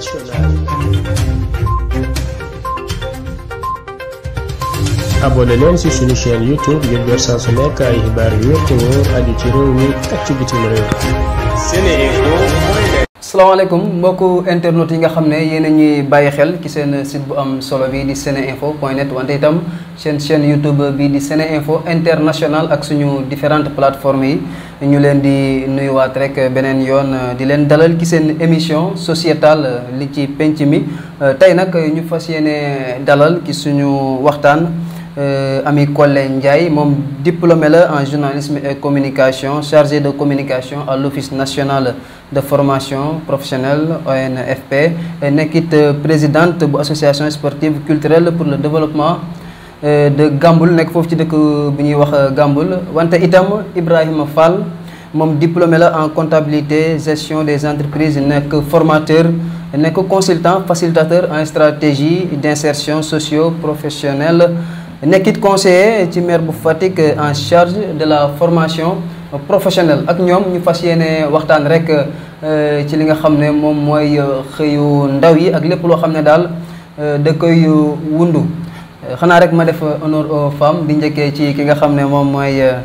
internationale. abonné leen ci suñu chaîne youtube ngir jot saa su nekk ay xibaar yu wér te wóor ci réew mi ak ci bitim réew. asalaamaaleykum mbokku internet yi nga xam ne yéen a ñuy bàyyi xel ci seen site bu am solo bi di seneinfo point net wante itam seen chaîne youtube bi di info international ak suñu différentes plateformes yi. ñu leen di nuyuwaat rek beneen yoon euh, di leen dalal ci seen émission sociétale euh, li ci penc mi euh, tey nag ñu fas yéene dalal ci suñu waxtaan Ami Collé Ndiaye moom diplômé la en journalisme et communication chargé de communication à l'Office national de formation professionnelle ONFP nekkit présidente bu association sportive culturelle pour le développement Euh, de Gamboul nekk foofu ci dëkk bu ñuy wax euh, gambul wante itam Ibrahima Fall moom diplômé la en comptabilité gestion des entreprises nekk formateur nekk consultant facilitateur en stratégie d'insertion socio-professionnelle nekkit conseiller ci maire bu Fatick euh, en charge de la formation professionnelle ak ñoom ñu fas yéene waxtaan rek ci li nga xam ne moom mooy xëyu ndaw yi ak lépp loo xam ne daal da koy wundu xanaa rek ma def honneur aux femmes di njëkkee ci ki nga xam ne moom mooy euh,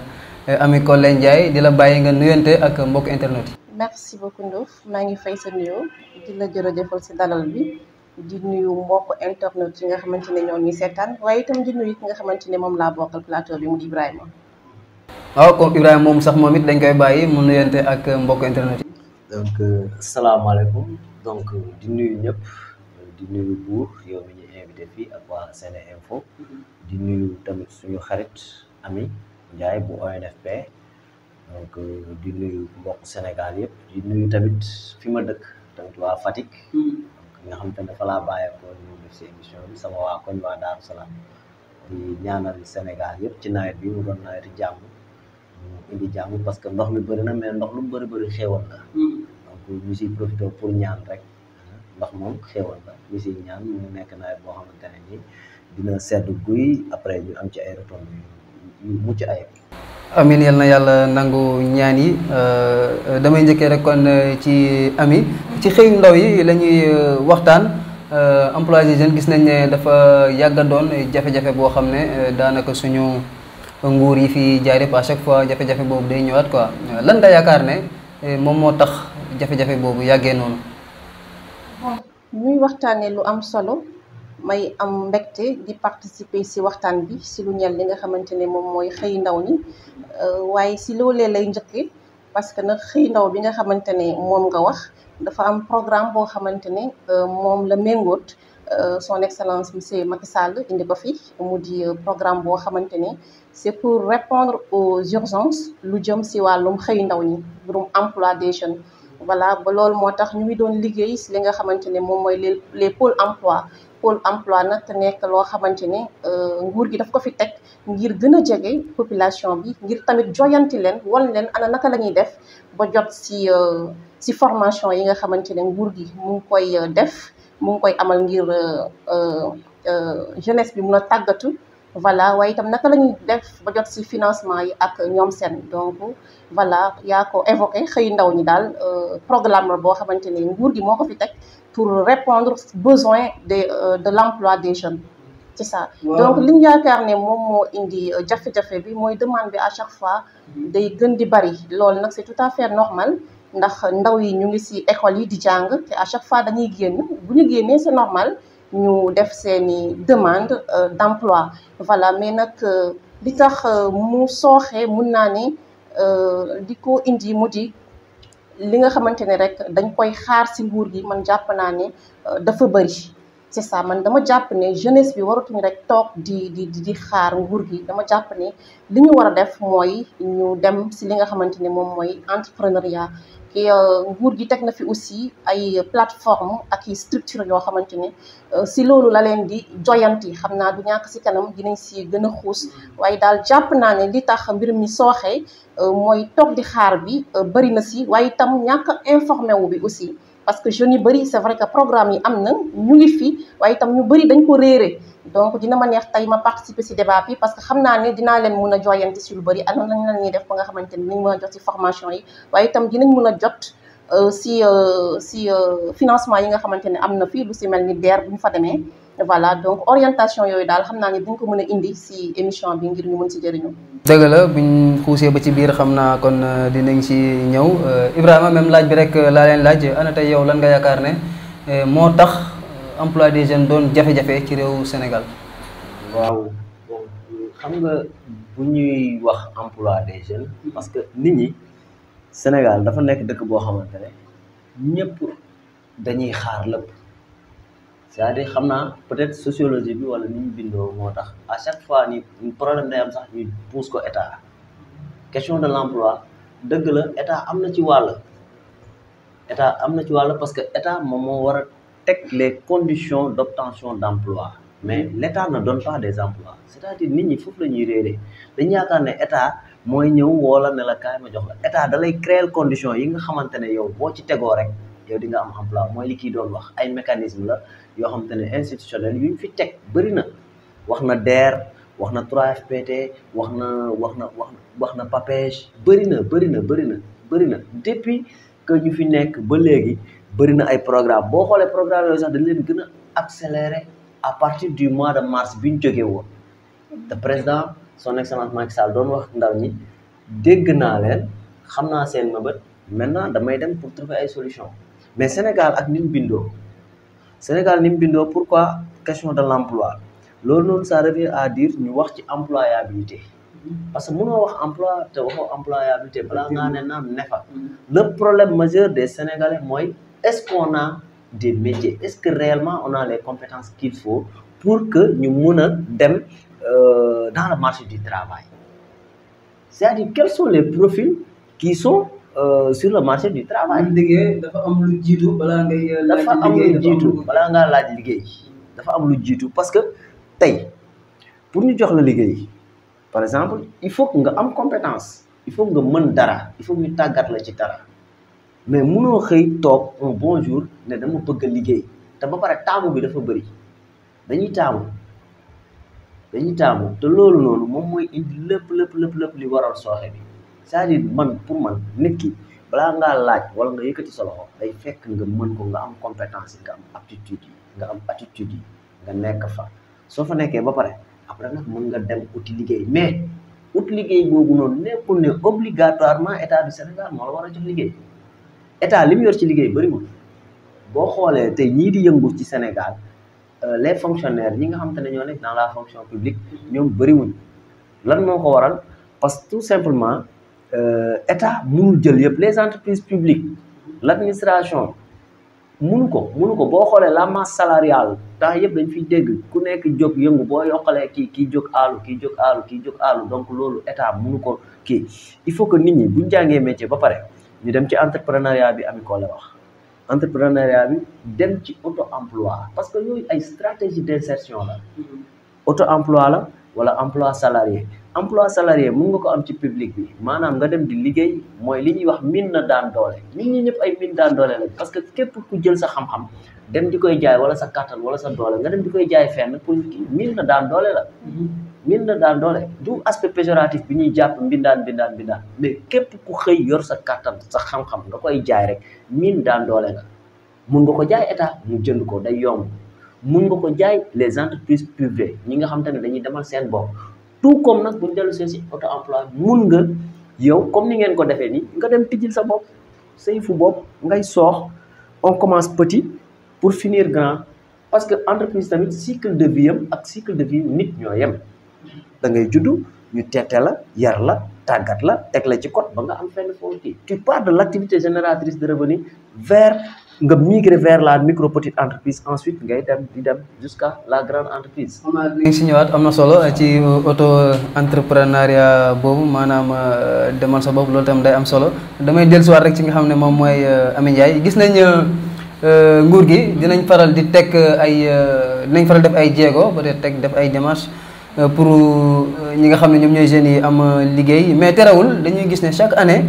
Ami Collé Ndiaye di la bàyyi nga nuyante ak mbokk internet yi. merci beaucoup Ndof maa ngi fay sa nuyoo di la jërëjëfal si dalal bi di nuyu mbokk internet yi nga xamante ne ñoo ñuy seetaan waaye itam di nuyu ki nga xamante ne moom laa bokkal plateau bi mu di Ibrahima. waaw comme Ibrahima moom sax moom it dañ koy bàyyi mu nuyante ak mbokk internet yi. donc euh, salaamaaleykum donc di nuyu ñëpp. di nuyu buur yow mi ñu invité fii ak waa Sene Info mm-hmm. di nuyu tamit suñu xarit ami Ndiaye bu ONFP donc di nuyu mbokk Sénégal yëpp di nuyu tamit fi ma dëkk tamit waa Fatick mm-hmm. nga xam te ne dafa laa bàyyeekoo ñu def si émission sama waa koñ waa Daaru Salaam di ñaanal Sénégal yëpp ci nawet bi mu doon nawetu jàmm mu parce que ndox mi bëri na ndox lu mu bëri bëri la mm-hmm. donc ñu siy pour ñaan rek ndax moom xéewal la ñu siy ñaan mu nekk nawet boo xam ne nii dina sedd guy après ñu am ci ay retombées yu mucc ayib. amin yal na yàlla nangu ñaan yi euh, euh, damay njëkkee rek kon euh, ci ami ci xëy ndaw yi lañuy ñuy waxtaan employés yi jeunes gis nañ ne dafa yàgga doon jafe-jafe boo xam ne daanaka suñu nguur yi fi jaar yëpp à chaque fois jafe-jafe boobu day ñëwaat quoi lan nga yaakaar ne moom moo tax jafe-jafe boobu yàggee noonu ñuy waxtaanee lu am solo may am mbégte di participer ci waxtaan bi si lu ñel li nga xamante ne moom mooy xëy ndaw ñi euh, waaye si loolee lay njëkke parce que nag xëy ndaw bi nga xamante ne moom nga wax dafa am programme boo xamante ne euh, moom la méngoot euh, son excellence monsieur Macky Sall indi ko fi mu di programme boo xamante ne c'est pour répondre aux urgences lu jëm si wàllum xëy ndaw ñi mbirum emploi des jeunes voilà ba loolu moo tax ñu ngi doon liggéey si li nga xamante ne moom mooy le les pôles emploi pôle emploi nag te nekk loo xamante ne euh, nguur gi daf ko fi teg ngir gën a jege population bi ngir tamit joyanti leen wan leen ana naka la ñuy def ba jot si euh, si formation yi nga xamante ne nguur gi mu koy euh, def mu ngi koy amal ngir jeunesse bi mun a tàggatu voilà waaye itam naka la ñuy def ba jot si financement yi ak ñoom seen donc voilà yaa ko évoqué xëy ndaw ñi daal euh, programme boo xamante ni nguur gi moo ko fi teg pour répondre besoin de euh, de l'emploi des jeunes ci ça donc li yaakaar ne moom moo indi euh, jafe-jafe bi mooy demande bi à chaque fois day gën di bari loolu nag c'est tout à fait normal ndax ndaw yi ñu ngi ci école yi di jàng te à chaque fois dañuy génn bu ñu génnee c'est normal ñu def seeni demande d'emploi voilà mais nag li tax mu sooxee mun naa ni Euh, di ko indi mu di li nga xamante ne rek dañ koy xaar ci nguur gi man jàpp naa ne euh, dafa bëri c'est man dama jàpp ne jeunesse bi waratuñu rek toog di di di xaar nguur gi dama jàpp ne li ñu war a def mooy ñu dem ci li nga xamante ne moom mooy entrepreneuriat et euh, nguur gi teg na fi aussi ay plateforme ak i structure yoo xamante ne euh, si loolu la leen di yi xam naa du ñàkk si kanam dinañ si gën a xuus waaye daal jàpp naa ne li tax mbir mi sooxee euh, mooy toog di xaar bi bëri na si waaye itam ñàkk informé wu bi aussi parce que jeunes yu bëri c'est vrai que programme yi am na ñu ngi fi waaye itam ñu bari dañ ko réere donc dina ma neex tey ma participer ci débat parce que xam naa ne dinaa leen mun a joyante ci lu bëri ana lañ la def ba nga xamante ni nañ mën a jot ci formation yi waaye itam dinañ mun a jot euh, ci euh, ci euh, financement yi nga xamante ne am na fii lu si mel ni DER bu ñu fa demee voilà donc orientation yooyu daal xam naa ne dañ ko mën a indi si émission bi ngir ñu mën si jëriñu. dëgg la buñ xuusee ba ci biir xam naa kon euh, dinañ si ñëw euh, Ibrahima même laaj bi rek euh, laa leen laaj ana tey yow lan nga yaakaar ne moo tax emploi des jeunes doon jafe-jafe ci réew Sénégal. waaw xam nga bu ñuy wax emploi des jeunes parce que nit ñi Sénégal dafa nekk dëkk boo xamante ne ñëpp dañuy xaar lépp. cest à xam naa peut-être sociologie bi wala ni ñu bindoo moo tax à chaque fois ni problème day am sax ñu pousse ko état question de l'emploi dëgg la état am na ci wàll état am na ci wàll parce que état moom moo war teg les conditions d'obtention d'emploi mais l'état ne donne pas des emplois c'est-à-dire nit ñi foofu la ñuy réeree dañu yaakaar ne état mooy ñëw woola ne la kaay ma jox la état da lay créer conditions yi nga xamante ne yow boo ci tegoo rek yow di nga am emploi mooy li kii doon wax ay mécanisme la yoo xam te ne institutionnel yu fi teg bëri na wax na DER wax na 3FPT wax na wax na wax wax na PAPEJ bëri na bëri na bëri na bëri na depuis que ñu fi nekk ba léegi bëri na ay programme boo xoolee programme yooyu sax dañ leen gën a accéléré à partir du mois de mars bi ñu jógee woon président son excellence Macky Sall doon wax ndaw ñi dégg naa leen xam naa seen bët maintenant damay dem pour trouver ay solution mais Sénégal ak ni bindoo Sénégal ni mu bindoo pourquoi question de l'emploi loolu noonu ça revient à dire ñu wax ci employabilité parce que mënoo wax emploi te waxoo employabilité balaa ngaa ne naam ne fa le problème majeur des Sénégalais mooy est-ce qu'on a des métiers est-ce que réellement on a les compétences qu'il faut pour que ñu mën a dem euh, dans le marché du travail c'est-à-dire quels sont les profils qui sont sur le marché du travail. liggéey dafa am lu jiitu balaa nga dafa am lu jiitu balaa ngaa laaj liggéey. dafa am lu jiitu parce que tey pour ñu jox la liggéey par exemple il faut nga am compétence. il faut nga mën dara il faut ñu tàggat la ci dara mais munoo xëy toog un bon jour ne dama bëgg liggéey te ba pare taamu bi dafa bëri dañuy taamu dañuy taamu te loolu noonu moom mooy indi lépp lépp lépp lépp li waral sooxe bi. c'est-à-dire man pour man nit ki balaa laaj wala nga yëkkati sa loxo day fekk nga mën ko nga am compétence yi nga am aptitude nga am attitude nga nekk fa soo fa nekkee ba pare après nag mën nga dem uti liggéey mais ut liggéey boobu noonu nekkul ne obligatoirement état du Sénégal moo la war a jox liggéey état li mu yor ci liggéey bëriwul boo xoolee tey ñii di yëngu ci Sénégal euh, les fonctionnaires ñi nga xam te ne ñoo nekk dans la fonction publique ñoom bëriwuñ lan moo ko waral Euh, état mënul jël yëpp les entreprises publiques l' administration mënu ko mënu ko boo xoolee la masse salariale temps yëpp dañ fiy dégg ku nekk jóg yëngu boo yokkalee kii kii jóg aalu kii jóg aalu kii jóg aalu donc loolu état munu ko kii il faut que nit ñi buñ jàngee métier ba pare ñu dem ci entrepreneuriat bi ami ko la wax entrepreneuriat bi dem ci auto emploi parce que yooyu ay stratégie d' insertion la mm-hmm. auto emploi la wala emploi salarié emploi salarié mun nga ko am ci public bi maanaam nga dem di liggéey mooy li ñuy wax miin na daan doole nit ñi ñëpp ay min daan doole la parce que képp ku jël sa xam dem di koy wala sa kàttan wala sa doole nga dem di koy jaay fenn pour kii na daan doole la mm-hmm. min na daan doole du aspect péjoratif bi ñuy jàpp mbindaan mbindaan mbindaan mais képp ku xëy yor sa kàttan sa xam-xam nga koy jaay rek min daan doole la mun nga ko jaay état mu jënd ko day yomb mun nga ko jaay les entreprises privées ñi nga xam te ne dañuy demal seen bopp tout comme nag buñ dellu see si auto emploi mun nga yow comme ni ngeen ko defee nii nga dem tijjil sa bopp say fu bopp ngay soox on commence petit pour finir grand parce que entreprise tamit cycle de vie am ak cycle de vie nit ñoo yem da ngay juddu ñu teete la yar la tàggat la teg la ci code ba nga am fenn foofu tu pars de l' activité génératrice de revenu vers nga migrer vers la micro petite entreprise ensuite ngay dem di dem jusqu'à la grande entreprise. maanaam li nga si ñëwaat am na solo ci auto entrepreneuriat boobu maanaam euh, demal sa bopp loolu tam day am solo damay dellusiwaat rek ci nga xam ne moom mooy euh, Amy Ndiaye gis nañ euh, nguur gi dinañ faral di teg ay dinañ faral def ay jéego ba teg def ay démarches. pour ñi nga xam ne ñoom ñooy jeunes yi am liggéey mais terewul dañuy gis ne chaque année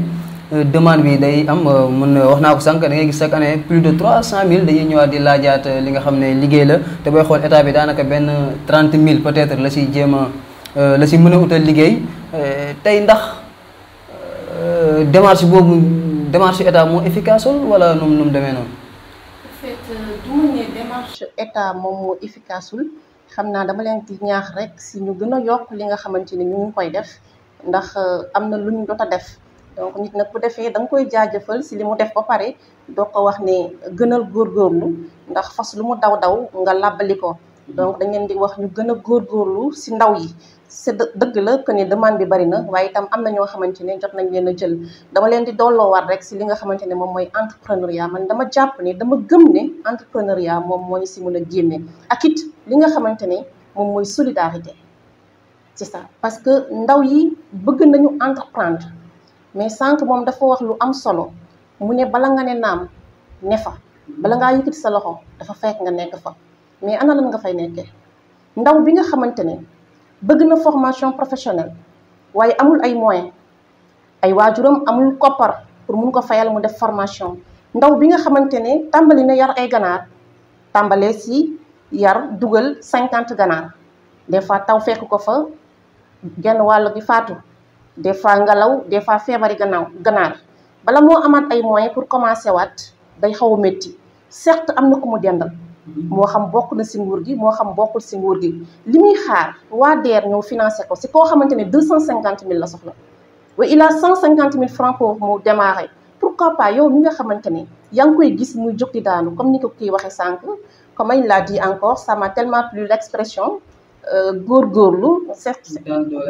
Euh, demande bi day am euh, mun wax naa ko sànq da ngay gis chaque plus de trois cent mille dañuy ñëwaat di laajaat euh, li nga xam ne liggéey la te booy xool état bi daanaka benn trente mille peut-être la si jéem la si mën a utal liggéey tey ndax démarche boobu démarche état moo efficace wala nu nu mu demee noonu. en état moom moo efficace xam naa dama leen di ñaax rek si ñu gën a yokk li nga xamante ni ñu ngi koy def ndax am na lu ñu jot a def. donc nit nag bu defee da nga koy jaajëfal si li mu def ba pare doo ko wax ne gënal góor góorlu ndax fas lu mu daw daw nga làbbali ko donc dañ leen di wax ñu gën a góorlu si ndaw yi c'est dëgg la que ni demande bi bari na waaye itam am na ñoo xamante ne jot nañ leen a jël dama leen di dolloowaat rek si li nga xamante ne moom mooy entrepreneuriat man dama jàpp ne dama gëm ne entrepreneuriat moom moo ñu si mën a génne ak it li nga xamante ne moom mooy solidarité c'est ça parce que ndaw yi bëgg nañu entreprendre mais sànq moom dafa wax lu am solo mu ne bala nga ne naam ne fa bala ngaa yëkkati sa loxo dafa fekk nga nekk fa mais ana lan nga fay nekke ndaw bi nga xamante ne bëgg na formation professionnelle waaye amul ay moyens ay waajuram amul koppar pour mun ko fayal mu def formation ndaw bi nga xamante ne tàmbali na yar ay ganaar tàmbalee si yar dugal cinquante ganaar des fois taw fekk ko fa genn wàll gi faatu des fois ngelaw des fois feebari gannaaw ganaar bala moo amaat ay moyens pour commencer waat day xaw a métti certes am na ku mu dendal moo xam bokk na si nguur gi moo xam bokkul si nguur gi li muy xaar waa DER ñëw financé ko si koo xamante ne deux cent cinquante mille la soxla wa il cinquante mille francs pour mu démarrer pourquoi pas yow mi nga xamante ne yaa ngi koy gis muy jóg di daanu comme ni ko kii waxee sànq comme il l'a dit encore ça m'a tellement plu l'expression góor euh, góorgóorlu certes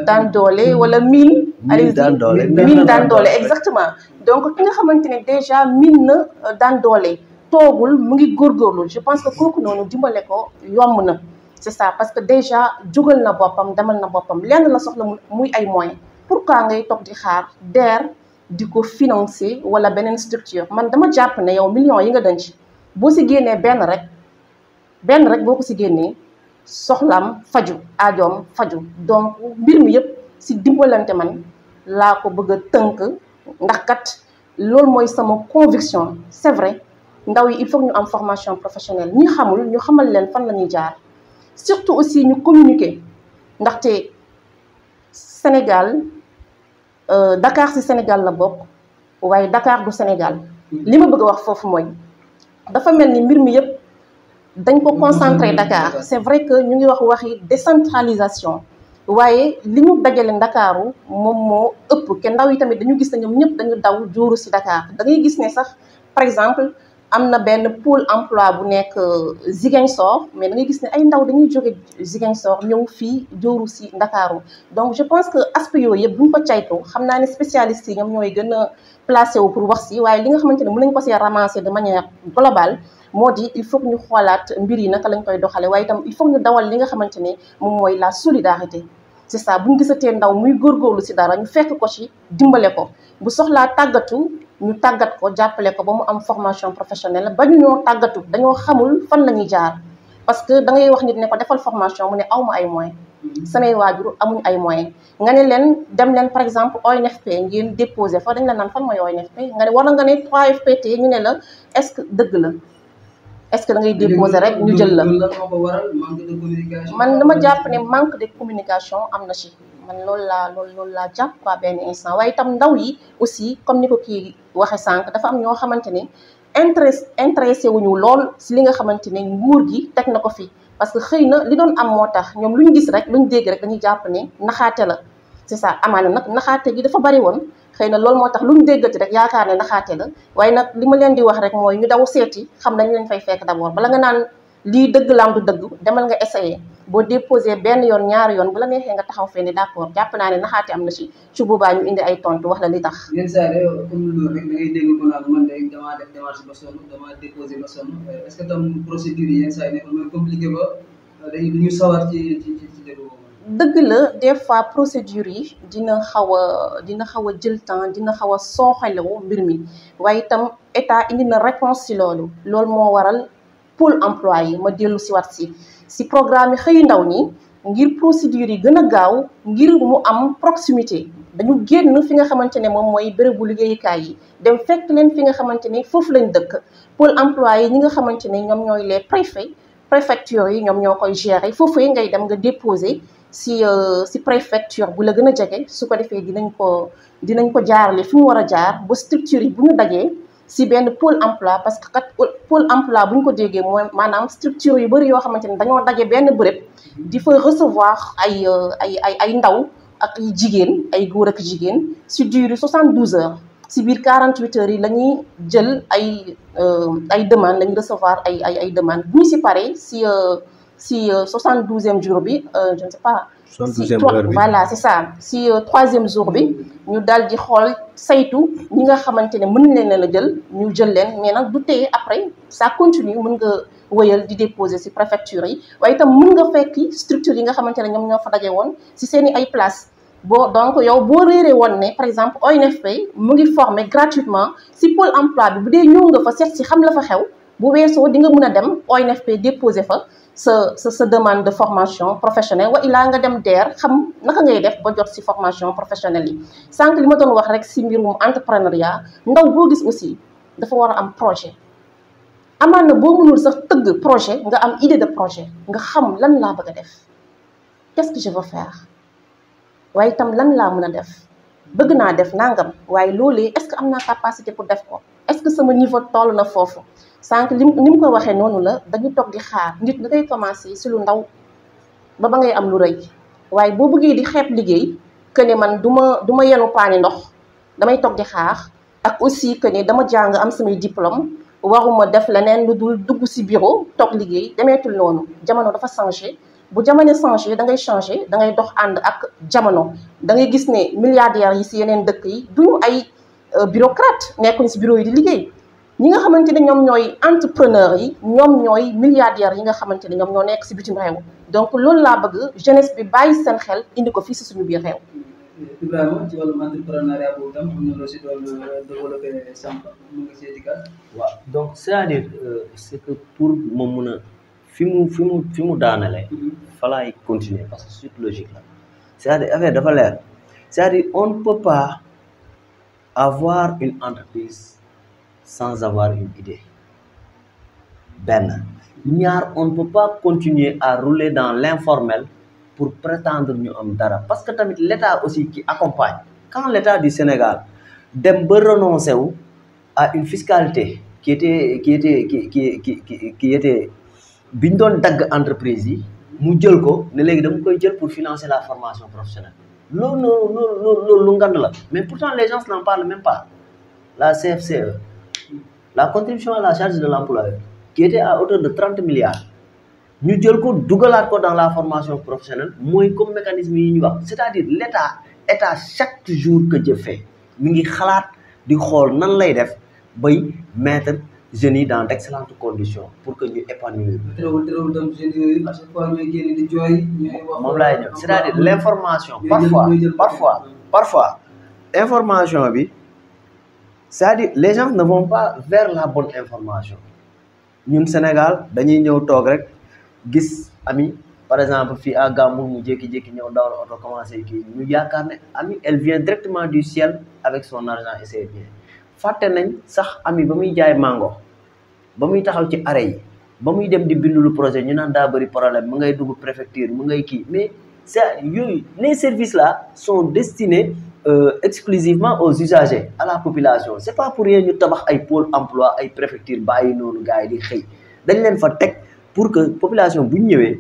daan doole wala miin allez miin daan doole exactement donc ki nga xamante ne déjà mille na euh, daan doole toogul mu ngi góor góorgóorlu je pense que kooku noonu dimbale ko yomb na c'est ça parce que déjà jógal na boppam demal na boppam lenn la soxla muy ay moyens pourquoi ngay toog di xaar DER di ko financer wala beneen structure man dama jàpp ne yow millions yi nga denc boo si génnee benn rek benn rek boo ko si génnee soxlaam faju aajoom faju donc mbir mi yëpp si dimbalante man laa ko bëgg a tënk ndax kat loolu mooy sama conviction c'est vrai ndaw yi il foog ñu am formation professionnelle ñi xamul ñu xamal leen fan la ñuy jaar surtout aussi ñu communiquer ndaxte Sénégal euh, Dakar ci Sénégal la bokk waaye Dakar du Sénégal li ma bëgg a wax foofu mooy dafa mel ni mbir mi yëpp dañ ko concentré Dakar c'est vrai que ñu ngi wax waxi décentralisation waaye li ñu dajale Ndakaaru moom moo ëpp kenn ndaw yi tamit dañu gis ne ñoom ñëpp dañu daw jooru si Dakar da ngay gis ne sax par exemple am na benn poule emploi bu nekk euh, Ziguinchor mais da ngay gis ne ay ndaw dañuy jóge Ziguinchor ñëw fii jooru si Ndakaaru donc je pense que aspect yooyu yëpp bu ñu ko caytu xam naa ne spécialistes yi ñoom ñooy gën a wu pour wax si waaye li nga xamante ne mën nañu ko see ramasser de manière globale moo di il faut ñu xoolaat mbir yi naka lañ koy doxale waaye itam il faut ñu dawal li nga xamante ne moom mooy la solidarité c'est ça bu ñu gisatee ndaw muy góorgóorlu si dara ñu fekk ko ci dimbale ko bu soxlaa tàggatu ñu tàggat ko jàppale ko ba mu am formation professionnelle ba ñu ñoo tàggatu dañoo xamul fan la ñuy jaar parce que da ngay wax nit ne ko defal formation mu ne aw ma ay moyens samay waajur amuñ ay moyen nga ne leen dem leen par exemple ONFP ngeen déposé fa dañ la naan fan mooy ONFP nga ne war nga ne 3FPT ñu ne la est-ce que dëgg la est-ce que da ngay déposer rek ñu jël la man dama jàpp ne manque de communication am na ci man lool laa loolu loolu laa jàpp quoi benn instant waaye itam ndaw yi aussi comme ni ko kii waxe sànq dafa am ñoo xamante ne intéressé wu ñu lool si li nga xamante ne nguur gi teg na ko fi parce que xëy na li doon am moo tax ñoom lu ñu gis rek lu ñu dégg rek dañuy jàpp ne naxaate la c'est ça na nag naxaate gi dafa bari woon xëy na loolu moo tax lu ñu déggati rek yaakaar ne naxaate la waaye nag li ma leen di wax rek mooy ñu daw seeti xam nañu lañ fay fekk d'abord bala nga naan lii dëgg laam du dëgg demal nga essayé boo déposé benn yoon ñaari yoon bu la neexee nga taxaw fee ne d'accord jàpp naa ne naxaate am na si su boobaa ñu indi ay tontu wax la li tax. da ngay dégg ko naan man de damaa def démarche ba sonn damaa dëgg la des fois procédure yi dina xaw a dina xaw a jël temps dina xaw a sooxalewu mbir mi waaye itam état indi na réponse si loolu loolu moo waral pôle emploi yi ma dellu si wat si si programme yi xëyu ndaw ñi ngir procédure yi gën a gaaw ngir mu am proximité dañu génn fi nga xamante ne moom mooy bérébu liggéeyukaay yi dem fekk leen fi nga xamante ne foofu lañ dëkk pôle emploi yi ñi nga xamante ne ñoom ñooy les préfets préfectures yi ñoom ñoo koy gérer foofu yi ngay dem nga déposer si euh, si préfecture bu la gën a jege su ko defee dinañ ko dinañ ko jaarale fi mu war a jaar ba structure yi bu ñu dajee si benn pôle emploi parce que kat euh, pôle emploi bu ñu ko déggee mooy maanaam structure yu bëri yoo xamante ne dañoo daje benn bërëb di fa recevoir ay euh, ay ay ay ndaw ak ay jigéen ay góor ak jigéen si durée 72 heures si biir 48 heures yi la ñuy jël ay ay demande la ñuy recevoir ay ay ay demande bu ñu si paree si si euh, soixante-douzième jour bi euh, je ne sais pas. soixante-douzième heure bi si euh, troisième jour bi ñu daal di xool saytu ñi nga xamante ne mën leen leen a jël ñu jël leen mais nag du teye après sa continue mun nga wëyal di déposer ci préfecture yi waaye itam mun nga fekk structure yi nga xamante ne ñoom ñoo fa daje woon ci seeni ay place boo donc yow boo réeree woon ne par exemple ONFP mu ngi former gratuitement ci pole emploi bi bu dee ñëw nga fa seet ci xam la fa xew bu weesoo di nga mën a dem ONFP déposer fa sa sa sa demande de formation professionnel wa ilaa nga dem DER xam naka ngay def ba jot ci formation professionnelle yi sànq li ma doon wax rek ci mbirum entrepreneuriat ndaw boo gis aussi dafa war a am projet amaan na boo mënul sax tëgg projet nga am idée de projet nga xam lan laa bëgg a def qu'est-ce que je faire waaye itam lan laa mun a def bëgg naa def nangam waaye loolee est-ce que am naa capacité pour def ko est que sama niveau toll na foofu sànq lim ni mu ko waxee noonu la dañu toog di xaar nit da koy commencé si lu ndaw ba ba ngay am lu rëy waaye boo bëggee di xeeb liggéey que ne man du ma du ma yenu paani ndox damay toog di xaar ak aussi que ne dama jàng am samay diplôme waruma def leneen lu dul dugg si bureau toog liggéey demeetul noonu jamono dafa changé bu jamono changé da ngay changé da ngay dox ànd ak jamono da ngay gis ne milliardaires yi si yeneen dëkk yi du ay euh, bureaucrate nekkuñ si bureau yi di liggéey ñi nga xamante ne ñoom ñooy entrepreneur yi ñoom ñooy milliardaires yi nga xamante ne ñoom ñoo nekk si bitim réew donc loolu laa bëgg jeunesse bi bàyyi seen xel indi ko si suñu biir réew. Ibrahima euh, donc c' est à dire euh, c' est que pour moom mun a fi mu fi mu fi mu daanalee. Mm-hmm. fa continuer parce que suite logique la c' à dire affaire dafa leer c' est à dire on ne peut pas avoir une entreprise. sans avoir une idée benn ñaar on ne peut pas continuer à rouler dans l'informel pour prétendre ñu am dara parce que tamit l'État aussi qui accompagne quand l'État du Sénégal dem ba renoncer wu a une fiscalité qui était qui était qui qui qui qui, doon dagg entreprise yi mu jël ko ne léegi dama koy jël pour financer la formation professionnelle loolu loolu loolu loolu lu ngand la mais pourtant les gens n'en parlent même pas la CFCE la contribution la charge de l'employeur qui était à hauteur de trente milliards ñu jël ko dugalaat ko dans la formation professionnelle mooy comme mécanisme yi ñu wax c'est-à-dire l'État État chaque jour que Dieu fait mi ngi xalaat di xool nan lay def bay mettre jeunes yi dans d'excellentes condition pour que ñu épanouir. terewul terewul tam di jooy. ñooy wax moom laay ñëw c'est-à-dire l'information. parfois parfois information bi. c'est-à-dire les gens ne vont pas vers la bonne information ñun Sénégal dañuy ñëw toog rek gis ami par exemple fii à Gambour mu jékki-jékki ñëw dawal oto commencé kii ñu yaakaar ne ami elle vient directement du ciel avec son argent et ses biens fàtte nañ sax ami ba muy jaay màngo ba muy taxaw ci arrêt yi ba muy dem di bindu lu projet ñu naan daa bëri problème mu ngay dugg préfecture mu ngay kii mais c'est yooyu les services la sont destinés Euh, exclusivement au usagers à la population c'est pas pour rien ñu tabax ay pôle emploi ay préfecture bàyyi noonu gars yi di xëy dañ leen fa teg pour que population bu ñu ñëwee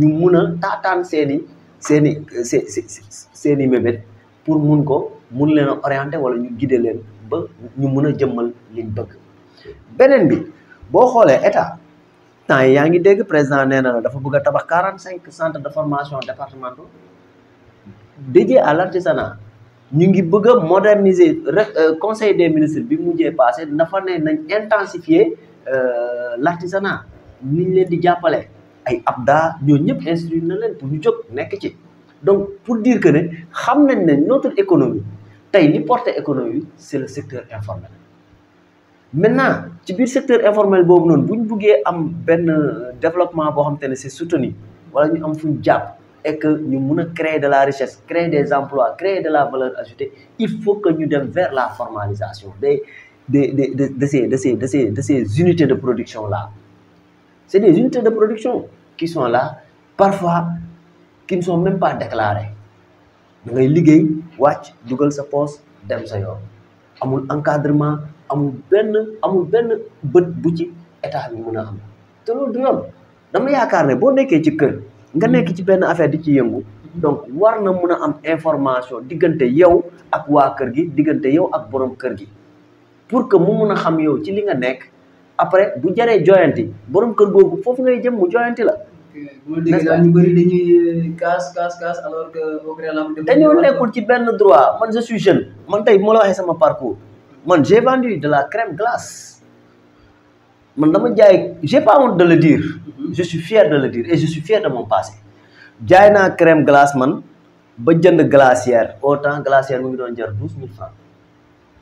ñu mun a taataan seen seeni seen seen i mébét pour mun ko mun leen a orienter wala ñu guider leen ba ñu mun a jëmmal li bëgg beneen bi boo xoolee état temps yaa ngi dégg président nee la dafa bëgg tabax quarante cinq centres de formation départementaux dédiés à l'artisanat ñu ngi bëgg a moderniser euh, conseil des ministres bi mujjee passé nafa ne nañ intensifier euh, l'artisanat niñ leen di jàppale ay abda ñoo ñëpp instruire na leen pour ñu jóg nekk ci donc pour dire que ne xam nañ ne notre économie tey ni porte économie c'est le secteur informel maintenant ci biir secteur informel boobu noonu bu ñu buggee am benn euh, développement boo xam te ne c'est soutenu wala ñu am fu ñu jàpp et que ñu mun a créer de la richesse créer des emplois créer de la valeur ajoutée il faut que ñu dem vers la formalisation des des de de de de ces de ces de ces unités de production la c'est des unités de production qui son la parfois qui ne sont même pas déclarées da ngay liggéey wàcc dugal sa poste dem sa yoon amul encadrement amul benn amul benn bët bu ci état bi mën a am te loolu du yoon dama yaakaar ne boo nekkee ci kër nga nekk ci benn affaire di ci yëngu donc war na mun a am information diggante yow ak waa kër gi diggante yow ak borom kër gi pour que mu mun a xam yow ci li nga nekk après bu jaree joyanti borom kër googu foofu ngay jëm mu joyanti la. bu ñu bëri dañuy euh, kaas kaas kaas alors nekkul ci benn droit man je suis jeune man tey bu ma sama parcours man j'ai vendu de la crème glace. man dama jaay j'ai pas honte de le dire je suis fier de le dire et je suis fier jaay naa crème glace man ba jënd glacière autant glacière mu ngi doon jar douze mille francs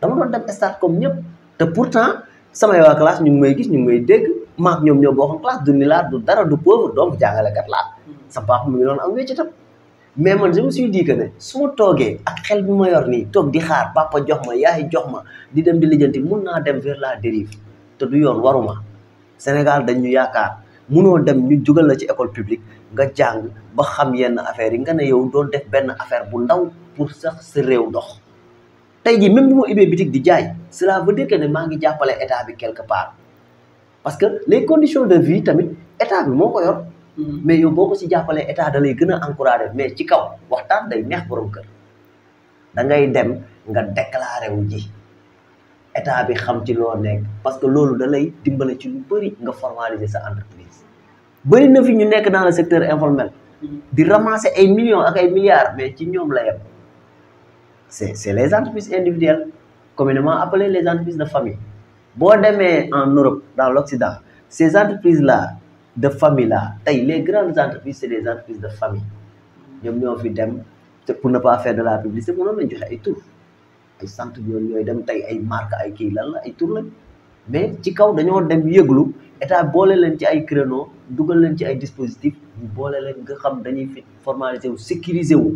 dama doon dem stade comme ñëpp te pourtant samay waa classe ñu ngi may gis ñu ngi may dégg maak ñoom ñoo bokkoon classe du nilaar du dara du pauvre donc jàngalekat laa sa papa mu ngi doon am wécc tam mais man je me suis dit ne su ma toogee ak xel bi ma yor nii toog di xaar papa jox ma yaay jox ma di dem di lijjanti mun naa dem vers la dérive du yoon waruma Sénégal dañ ñu yaakaar munoo dem ñu jugal la ci école publique nga jàng ba xam yenn affaires yi nga ne yow doon def benn affaire bu ndaw pour sax sa réew dox. tey jii même bu ma ubbee bitig di jaay cela veut dire que ne maa ngi jàppale état bi quelque part parce que les conditions de vie tamit état bi moo ko hmm. mais yow boo ko si jàppalee état da lay gën a encouragé mais ci kaw waxtaan day neex borom kër da dem nga déclaré ji. état bi xam ci loo nekk parce que loolu da lay dimbale ci lu bëri nga formaliser sa entreprise bëri na fi ñu nekk dans le secteur informel di ramasser ay millions ak ay milliards mais ci ñoom la yem c'est c'est les entreprises individuelles communement appelées les entreprises de famille boo demee en Europe dans l'Occident ces entreprises la de famille là tey les grandes entreprises c'est les entreprises de famille ñoom ñoo fi dem pour ne pas faire de la publicité mënoon nañ joxe ay tur sant yooyu yooyu dem tey ay marque ay kii lan la ay tur mais ci kaw dañoo dem yëglu état boole leen ci ay créneau dugal leen ci ay dispositif ñu boole leen nga xam dañuy fi formaliser wu sécuriser wu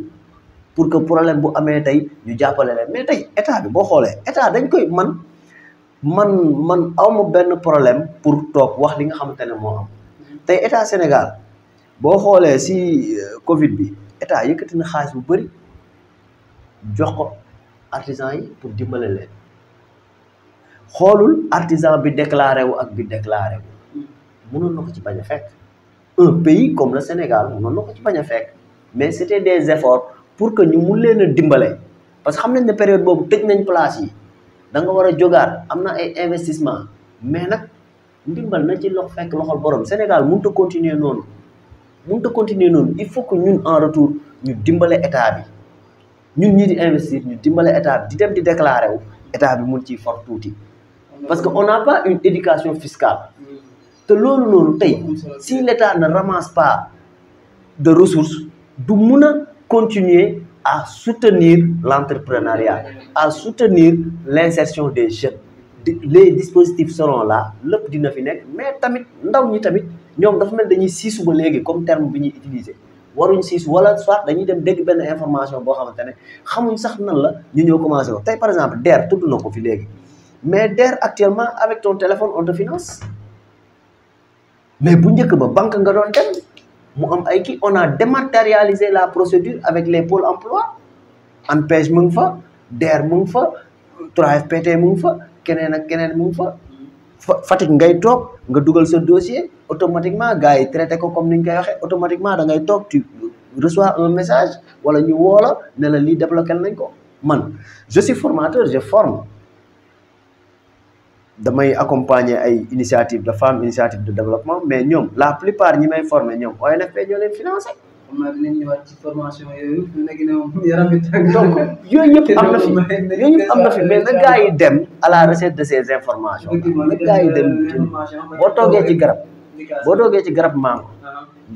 pour que problème bu amee tey ñu jàppale leen mais tey état bi boo xoolee état dañ koy man man man awma benn problème pour toog wax li nga xamante ne moo am tey état Sénégal boo xoolee si euh, Covid bi état yëkkati na xaalis bu bëri jox ko artisan yi pour dimbale leen xoolul artisan bi déclaré wu ak bi déclaré wu mënoon na ko ci bañ a fekk un pays comme le Sénégal mënoon na ko ci bañ a fekk mais c'était des efforts pour que ñu mun leen a dimbale parce que xam nañ ne période boobu tëj nañ place yi da nga war a jógaat am na ay investissement mais nag ndimbal na ci lox fekk loxol borom Sénégal mënut a continuer noonu mënut a continuer noonu il faut que ñun en retour ñu dimbale état bi ñun ñii di investir ñu dimbale état bi di dem di déclarer wu état bi mun ci for tuuti parce que on n'a pas une éducation fiscale te loolu noonu tey si l'état ne ramasse pas de ressources du mun a continuer à soutenir l'entrepreneuriat à soutenir l'insertion des jeunes les dispositifs seront la lépp dina fi nekk mais tamit ndaw ñi tamit ñoom dafa mel dañuy siisu ba léegi comme terme bi ñuy utiliser waruñ siis wala soit dañuy dem dégg benn information boo xamante ne xamuñ sax nan la ñu ñëw commencé wax tey par exemple DER tudd na ko fi léegi mais DER actuellement avec ton téléphone on te finance mais bu njëkk ba banque nga doon dem mu am ay kii on a dématérialisé la procédure avec les pôles emploi ANPEJ mu ngi fa DER mu fa 3FPT mu fa keneen ak keneen mu ngi fa fa Fatick ngay toog nga dugal sa dossier automatiquement gars yi traité ko comme ni ñu koy waxee automatiquement da ngay toog tu reçois un message wala ñu woola ne la lii débloqué nañ ko man je formateur je forme damay accompagner ay initiative de femmes initiative de développement mais ñoom la plupart ñi may former ñoom ONFP ñoo leen financé xam naa dinañ formation yooyu fi mu nekk nii donc yooyu yëpp am na fi yooyu yëpp am na fi mais na gaa yi dem à la recette de ces informations. na gaa yi dem boo toogee ci garab. boo toogee ci garab mango.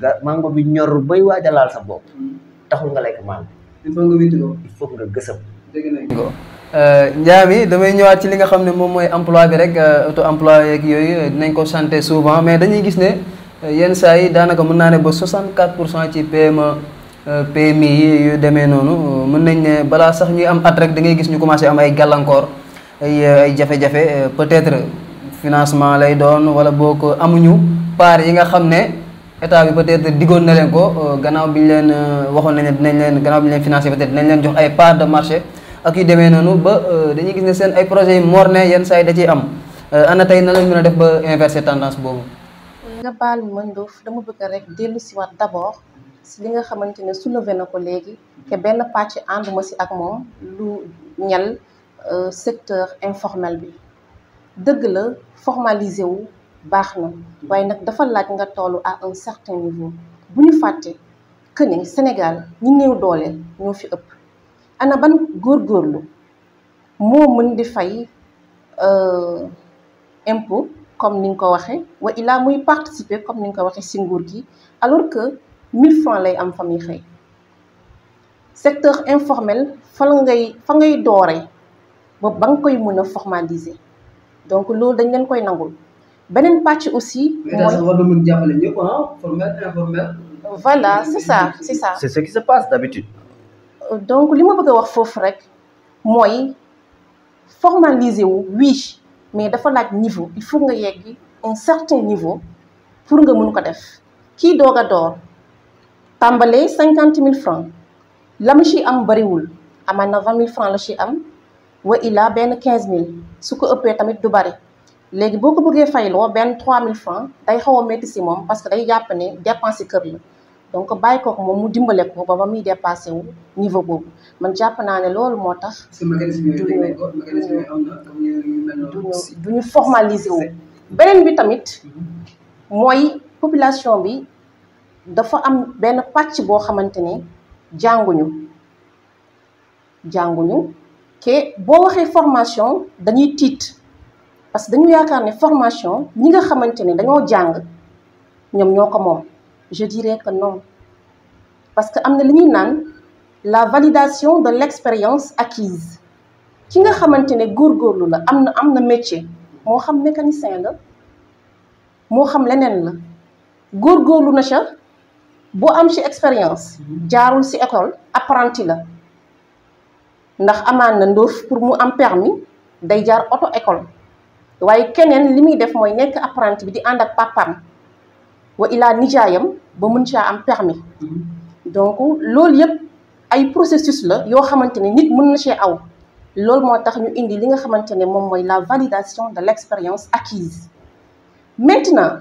ga mango bi ñor bay waajalaal sa bopp. Hmm. taxul nga lekk mango. il faut nga witti ko. il faut euh, damay ñëwaat ci li nga xam ne moom mooy emploi bi rek euh, auto emploi yeeg yooyu dinañ ko santé souvent mais dañuy gis ne. yenn saa yi daanaka mën naa ne ba quatre pour cent ci PME euh, PMI yi yu demee noonu mën nañ ne balaa sax ñuy am at rek da ngay gis ñu commencé am ay gàllankoor ay euh, ay jafe-jafe euh, peut-être financement lay doon wala boo ko amuñu part yi nga xam ne état bi peut-être diggoon na leen ko gannaaw bi ñu leen waxoon nañ ne dinañ leen gannaaw bi ñu leen financé peut dinañ leen jox ay part de marché ak yu demee noonu ba dañuy gis ne seen ay projets yi morne yenn saa yi da am ana tey na lañ mën def ba inverser boobu. nga baal ma Ndof dama bëgg rek dellu si waat d'abord si li nga xamante ne soulevé na ko léegi te benn pàcc ànduma si ak moom lu ñal euh, secteur informel bi dëgg la formalisé wu baax na waaye nag dafa laaj nga tollu à un certain niveau bu ñu fàtte que Sénégal ñi néew doole ñoo fi ëpp ana góor góorlu moo mën di fay euh, impôt comme ni nga ko waxee wa illaa muy participer comme ni nga ko waxee si nguur gi alors que 1000 francs lay am fa muy xëy secteur informel fa ngay fa ngay doore ba ba nga koy mën a formaliser donc loolu dañ leen koy nangul beneen pàcc aussi. mooy war na mën jàppale ñëpp ah formel informel. voilà c'est ça c'est ça. c'est ce donc li ma bëgg wax foofu rek mooy formaliser wu oui. mais dafa laaj niveau il faut nga yegg un certain niveau pour nga mun ko def kii doog a door tàmbalee cinquante mille francs la mu ci am bariwul amaan na vingt mille francs la ci am wa illa benn quinze mille su ko ëppee tamit du bari léegi boo ko bëggee fayloo benn trois mille francs day xaw a ci moom parce que day jàpp ne dépense kër yi donc bàyyi kook moom mu dimbalee ko ba ba muy dépassé wu niveau boobu man jàpp naa ne loolu moo tax. duñu du ñu formaliser wu. beneen bi tamit mooy population bi dafa am benn pàcc boo xamante ne jànguñu jànguñu ke boo waxee formation dañuy tiit parce que dañu yaakaar ne formation ñi nga xamante ne dañoo jàng ñoom ñoo ko moom. je dirais que non parce que am na li ñuy naan la validation de l'expérience acquise ki nga xamante ne góor góorlu la am na am na métier moo xam mécanicien la moo xam leneen la góor góorlu na ca boo am ci expérience jaarul ci école apprenti la ndax amaan na ndóof pour mu am permis day jaar auto école waaye keneen li muy def mooy nekk apprenti bi di ànd ak papam wa ilaa nijaayam ba mun caa am permis donc loolu yëpp ay processus la yoo xamante ne nit mun na cee aw loolu moo tax ñu indi li nga xamante ne moom mooy la validation de l'expérience acquise maintenant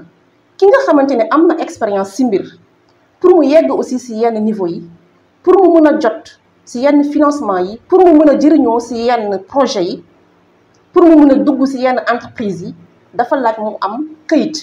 ki nga xamante ne am na expérience si mbir pour mu yegg aussi si yenn niveau yi pour mu mun a jot si yenn financement yi pour mu mun a jëriñoo si yenn projet yi pour mu mun a dugg si yenn entreprise yi dafa laaj mu am këyit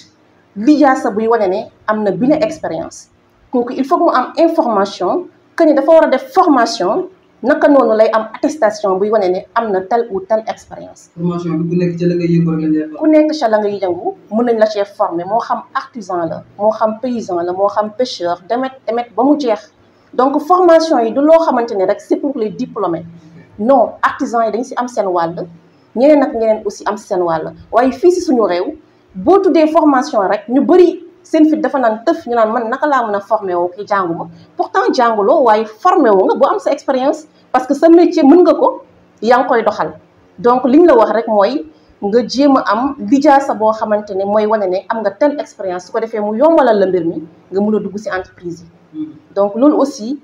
lijaasa buy wane ne am na benn expérience kooku il faut mu am information que ni dafa war a def formation naka noonu lay am attestation buy wane ne am na tele ou tel expérience. formation bi ku nekk ca la ngay yëngu ku nekk ca la ngay yëngu mën nañ la cee former moo xam artisan la moo xam paysan la moo xam pêcheur demet demet ba mu jeex. donc formation yi du loo xamante ne rek c'est pour les diplômés non artisans yi dañ si am seen wàll ñeneen ak ñeneen aussi am seen wàll waaye fii si suñu réew. boo tuddee formation rek ñu bëri seen fit dafa naan tëf ñu naan man naka laa mën a formé woo kii jàngu ma pourtant jànguloo waaye formé woo nga boo am sa expérience parce que sa métier mën nga ko yaa ngi koy doxal donc li ñu la wax rek mooy nga jéem a am sa boo xamante ne mooy wane ne am nga telle expérience su ko defee mu yombalal la mbir mi nga mun a dugg ci entreprise yi mm-hmm. donc loolu aussi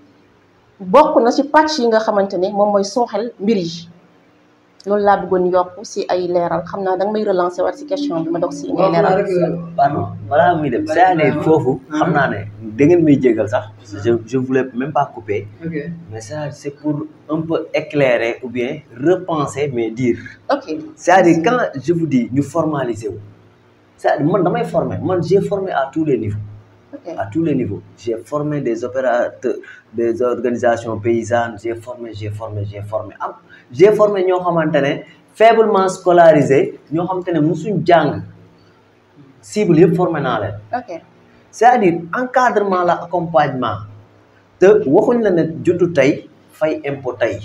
bokk na ci pàcc yi nga xamante ne moom mooy sooxel mbir yi loolu laa bëggoon yokk si ay leeral xam naa danga may relancer waat si question bi ma si. ngay leeral balaa muy dem c'est-à-dire foofu. xam naa ne da ngeen may jégal sax. je je voulais même pas couper. mais ça c' est pour un peu éclairer ou bien repenser mais dire. c'est-à-dire quand je vous dis ñu formaliser wu. c'est-à-dire man damay former man j'ai formé à tous les niveaux. okay. à tous les niveaux j'ai formé des opérateurs des organisations paysannes j'ai forme j'ai formé j'ai formé am j'ai formé ñoo xamante ne faiblement scolarisé ñoo xamante ne musuñ jàng cible yëpp formé naa leen ok c'est-à-dire encadrement la accompagnement te waxuñ la ne juddu tey fay impôt tey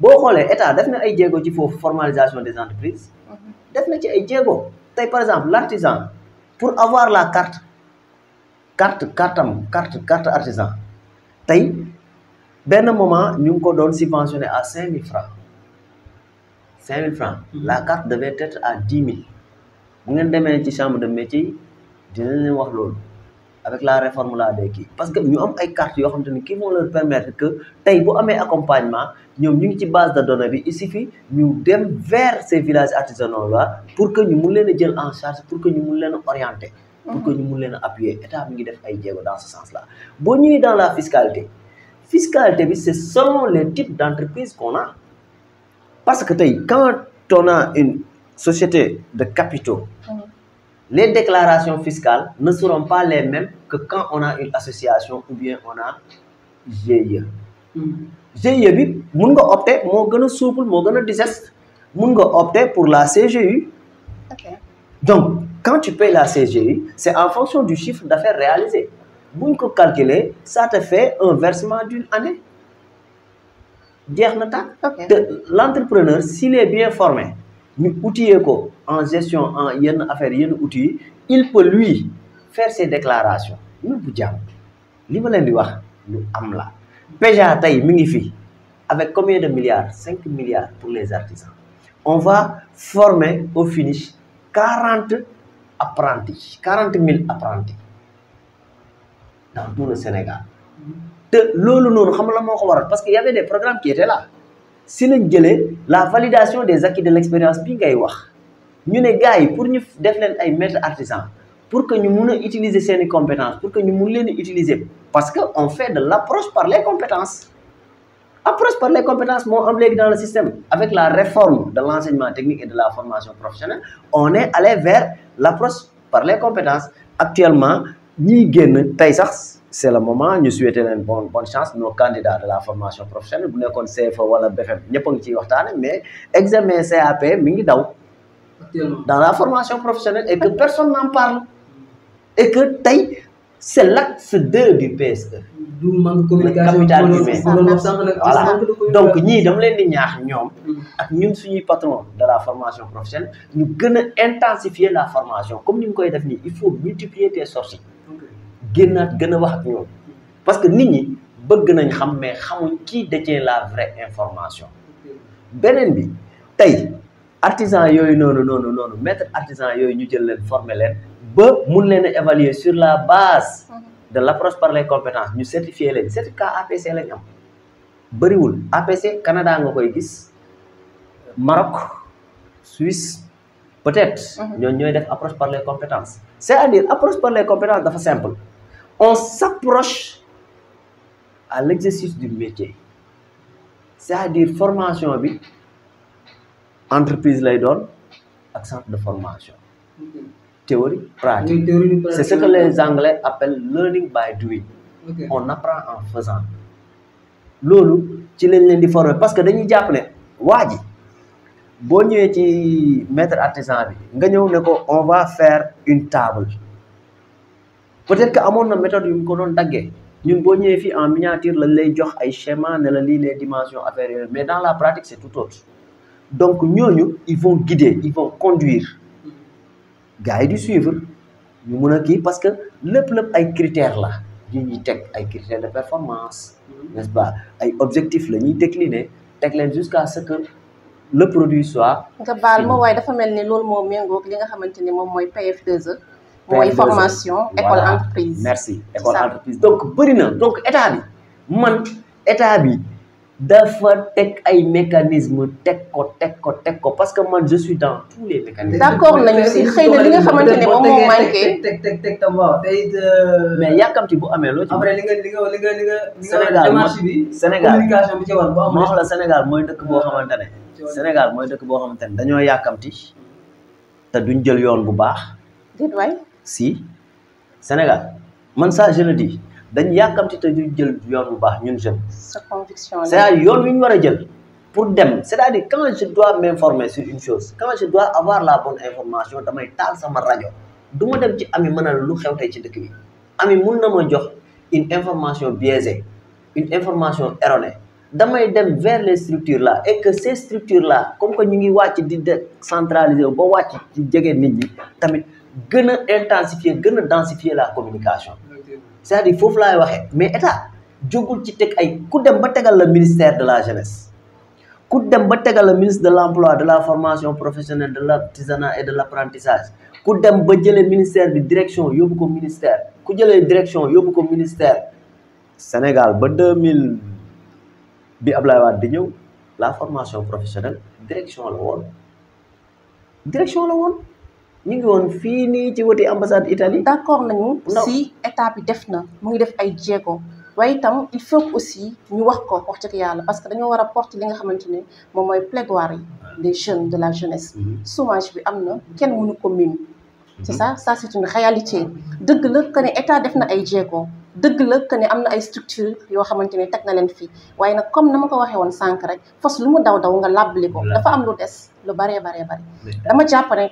boo xoolee état def na ay jéego ci foofu formalisation des entreprises mhm. def na ci ay jéego tey par exemple l'artisan pour avoir la carte carte carte am carte carte artisan tey benn moment ñu ngi ko doon subventionné à cinq mille francs cinq mille francs hmm. la carte devait être à dix mille bu ngeen demee ci chambre de métier yi dina leen wax loolu avec la réforme la des kii parce que ñu am ay cartes yoo xamante ni qui vont leur permettre que tey bu amee accompagnement ñoom ñu ngi ci base de données bi il suffit ñu dem vers ces villages artisanaux là pour que ñu mun leen a jël en charge pour que leen a pour que ñu mun leen a état mi ngi def ay jéego dans ce sens là boo ñëwee dans la fiscalité fiscalité bi c'est selon les type d'entreprise qu'on a parce que tey quand on a une société de capitaux mm-hmm. les déclarations fiscales ne seront pas les mêmes que quand on a une association ou bien on a GIE mm-hmm. GIE bi mun nga opter moo gën a souple moo gën a digeste mun nga opter pour la CGU donc quand tu payes la CGI c'est en fonction du chiffre d'affaires réalisé bu ñu ko calculer ça te fait un versement d'une année jeex na tàkk te l'entrepreneur s'il est bien formé ñu outillé ko en gestion en yenn affaires yenn outils yi il peut lui faire ses déclarations ñun bu jàmm li ma leen di wax lu am la PEJA tey mi ngi fi avec combien de milliards cinq milliards pour les artisans on va former au finish quarante apprentis quarante mille apprentis dans tout le Sénégal te loolu noonu xam la moo ko waral parce que y de des programmes qui étaient si lañ jëlee la validation des acquis de l'expérience bi ngay wax ñu ne gars yi pour ñu def leen ay maîtres artisans pour que ñu mun a utiliser seeni compétences pour que ñu mun leen utiliser parce que on fait de l'approche par les compétences approche par les compétences moo am léegi dans le système avec la réforme de l'enseignement technique et de la formation professionnelle on est allé vers l'approche par les compétences actuellement ñiy génn tey sax c'est le moment ñu souhaiter leen bon bonne chance nos candidats de la formation professionnelle bu nekkoon CFA e wala BFM ñëpp a ngi ciy waxtaane mais examen CAP mi ngi daw dans la formation professionnelle et que personne n'en parle et que tey c'est du manque communication capital humain voilà donc ñii dama leen di ñaax ñoom ak ñun suñuy patron de la formation professionnelle ñu gën a intensifier la formation comme ni ñu koy def nii il faut multiplier tes sources yi génnaat gën a wax ak ñoom parce que nit ñi bëgg nañ xam mais xamuñ kii détient la vraie information beneen bi tey artisan yooyu noonu noonu noonu maître artisan yooyu ñu jël leen former leen ba mun leen a évaluer sur la base mhm. de l'approche par les ñu ñu certifié leen certificat APC lañ am bëriwul APC Canada nga koy gis Maroc Suisse peut-être mhm. ñooñu ñooy def approche par les compétences c'est-à-dire approche par les dafa simple on s'approche à l'exercice du métier c'est-à-dire formation bi entreprise lay doon ak centre de formation mhm. théorie, pratique. pratique. C'est ce que les Anglais appellent learning by doing. Okay. On apprend en faisant. loolu ci lañ leen di former parce que dañuy jàpp ne waa ji boo ñëwee ci maître artisan bi nga ñëw ne ko on va faire une table peut-être que amoon na méthode yu mu ko doon daggee ñun boo ñëwee fii en miniature lañ lay jox ay schéma ne la lii les dimensions affaires yooyu mais dans la pratique c'est tout autre donc ñooñu il vont guider ils vont conduire gars yi di suivre ñu mën a kii parce que lépp lépp ay critères la yu ñuy teg ay critères de performance n'est-ce pas ay objectifs la ñuy décliner teg leen jusqu'à ce que le produit soit. nga baal ma waaye dafa mel ni loolu moo méngoog li nga xamante ni moom mooy PF2E. mooy e, formation école entreprise. merci école entreprise donc bëri donc état bi man état bi. dafa teg ay mécanisme teg ko teg ko teg ko parce que man je suis dans tous les mécanismes. d'accord nañu si xëy na li nga xamante ne moom moo manqué. teg teg teg euh, mais yàkkamti bu amee loo li nga li li nga Sénégal démarche bi Sénégal communication bi ci war boo Sénégal mooy dëkk boo xamante ne. Sénégal mooy dëkk boo xamante ne dañoo yàkkamti te duñ jël yoon bu baax. déet si Sénégal man ça je dañu yàkkamti te ñu jël yoon bu baax ñun jeune sa conviction c'est-à-dire yoon wi ñu war a jël pour dem c'est-à-dire quand je dois m'informer sur une chose quand je dois avoir la bonne information damay taal sama rajo du ma dem ci ami mën a lu xew tey ci dëkk bi ami mun na ma jox une information biaisée une information erronée damay dem vers le structures la et que ces structures là comme que ñu ngi wàcc di décentraliser ba wàcc ci jege nit ñi tamit gën a intensifier gën densifier la communication c'est-à-dire foofu laay waxe mais état jogul ci teg ay ku dem ba tegal la ministère de la jeunesse ku dem ba tegal la ministre de l'emploi de la formation professionnelle de l'artisanat et de l'apprentissage ku dem ba jëlee ministère bi direction yóbbu ko ministère ku jëlee direction yóbbu ko ministère Sénégal ba 2000 bi Ablaye Wade di ñëw la formation professionnelle direction la woon direction la woon ñu ngi woon fii nii ci wati ambassade Italie. d'accord nañu si état bi def na mu ngi def ay jéego waaye itam il faut aussi ñu wax ko wax dëgg yàlla parce que dañoo war a porter li nga xamante ne moom mooy plaidoirie des jeunes de la jeunesse. Mm-hmm. chômage bi am na kenn mënu ko miin. Mm-hmm. c'est ça ça c'est une réalité dëgg la que ne état def na ay jéego dëgg la que ne am na ay structure yoo xamante ne teg na leen fi waaye nag comme na ma ko waxee woon sànq rek fas lu mu daw daw nga làbbali ko. dafa am lu des lu baree baree bare.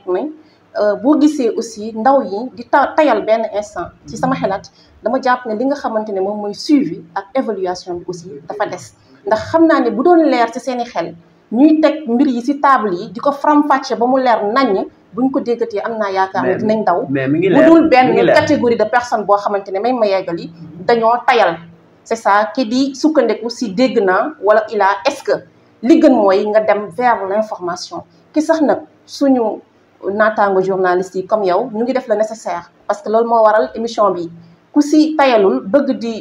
Euh, boo gisee aussi ndaw yi di tayal benn instant ci sama mm-hmm. xalaat dama jàpp ne li nga xamante ne moom mooy suivi ak évaluation aussi dafa des ndax xam naa ne bu doon leer ci seeni xel ñuy teg mbir yi ci table yi di ko faram-fàcce ba mu leer naññ buñ ko déggatee am naa yaakaar ne dinañ daw bu dul benn catégorie de personnes boo xamante ne may ma yeggal yi dañoo tayal c'est ça ki di sukkandiku si dégg na wala ilaa est-ce que li gën mooy nga dem vers l'information ki sax nag naataango journaliste yi comme yow ñu ngi def le nécessaire parce que lool moo waral émission bi ku si tayalul bëgg di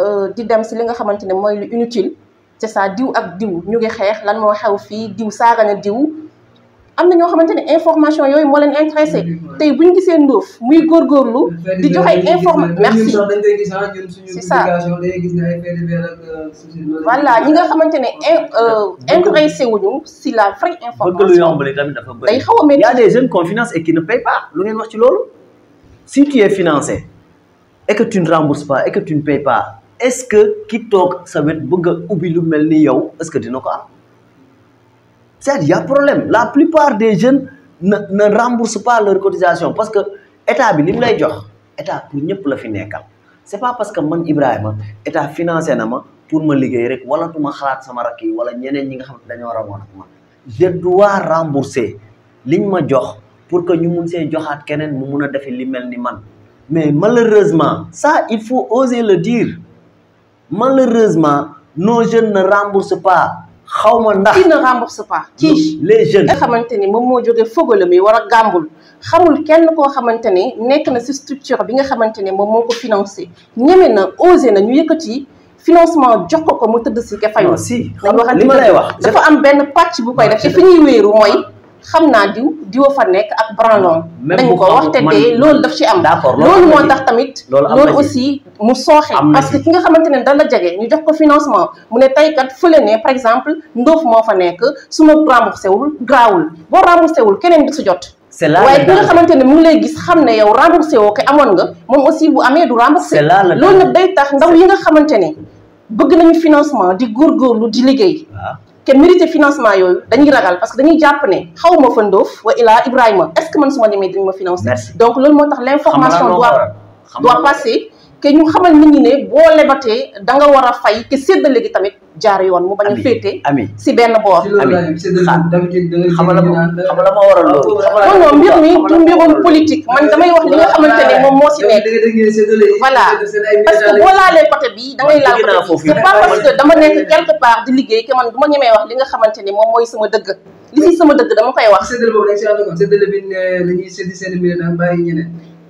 euh, di dem si li nga xamante ne mooy lu inutile c'est ça diw ak diw ñu ngi xeex lan moo xew fii diw saaga na diw am na ñoo xamante ne information yooyu moo leen intéressé tey bu ñu gisee Ndof muy góorgóorlu di joxe information merci ah, c'est ça euh, voilà ñi nga xamante ne eh, euh, intéressé wuñu si la vraie information bëgg lu yomb li tamit dafa bëri day xaw a métti y a des jeunes qu'on finance et qui ne payent pas lu ngeen wax ci loolu si tu financé et que tu ne rembourses est-ce que ki toog sa wet bëgg a lu mel ni yow est-ce que dina ko cest à problème la plupart des jeunes na ne remboursent pas leur cotisation parce que état bi li lay jox état pour ñëpp la fi nekkal c'est pas parce que man Ibrahima état financé na ma pour ma liggéey rek wala tu ma xalaat sama rakk wala ñeneen ñi nga xam ne dañoo ramoon ak man je dois rembourser liñ ma jox pour que ñu mun see joxaat keneen mu mun a defe li mel ni man mais malheureusement ça il faut oser le dire malheureusement nos jeunes ne remboursent pas xawma ma ndax. na ne rembourse pas. kii les jeunes nga xamante ni moom moo jógee fogole mi war a gàmbul. xamul kenn koo xamante ni nekk na si structure bi nga xamante ni moom moo ko financé ñeme na osé na ñu yëkkati financement jox ko ko mu tëdd si ka fayoo. si xam li ma lay wax dafa am benn pàcc bu koy def te fi ñuy wéeru mooy. xam naa diw a fa nekk ak branlon ah, dañ ko wax te loolu daf ci am loolu moo tax tamit loolu aussi mu sooxe parce que ki nga xamante ne a jege ñu jox ko financement mu ne tey kat fële ne par exemple ndóof moo fa nekk su ma remboursé wul grawul boo remboursé wul keneen bi su jot c'est là waaye ki nga xamante ne mu ngi lay gis xam ne yow remboursé woo ko amoon nga moom aussi bu amee du remboursé loolu nag day tax ndaw yi nga xamante ne bëgg nañu financement di góorgóorlu di liggéey ah. te mérité financement yooyu dañuy ragal parce que dañuy jàpp ne xaw fa ndóof wa ilaa Ibrahima est ce que man su ma demee ma financer. donc loolu moo tax l' information doit doit passer. que ñu xamal nit ñi ne boo lebatee da nga war a fay te séddale gi tamit jaar yoon mu bañ a féete si benn boor amiin xamala xamala moo waral loolu non mbir mi du mbirum politique man damay wax li nga xamante ne moom moo si nekk voilà parce que dama nekk quelque part liggéey que man ma ñemee wax li nga xamante ne moom mooy sama dëgg li si sama dëgg dama koy wax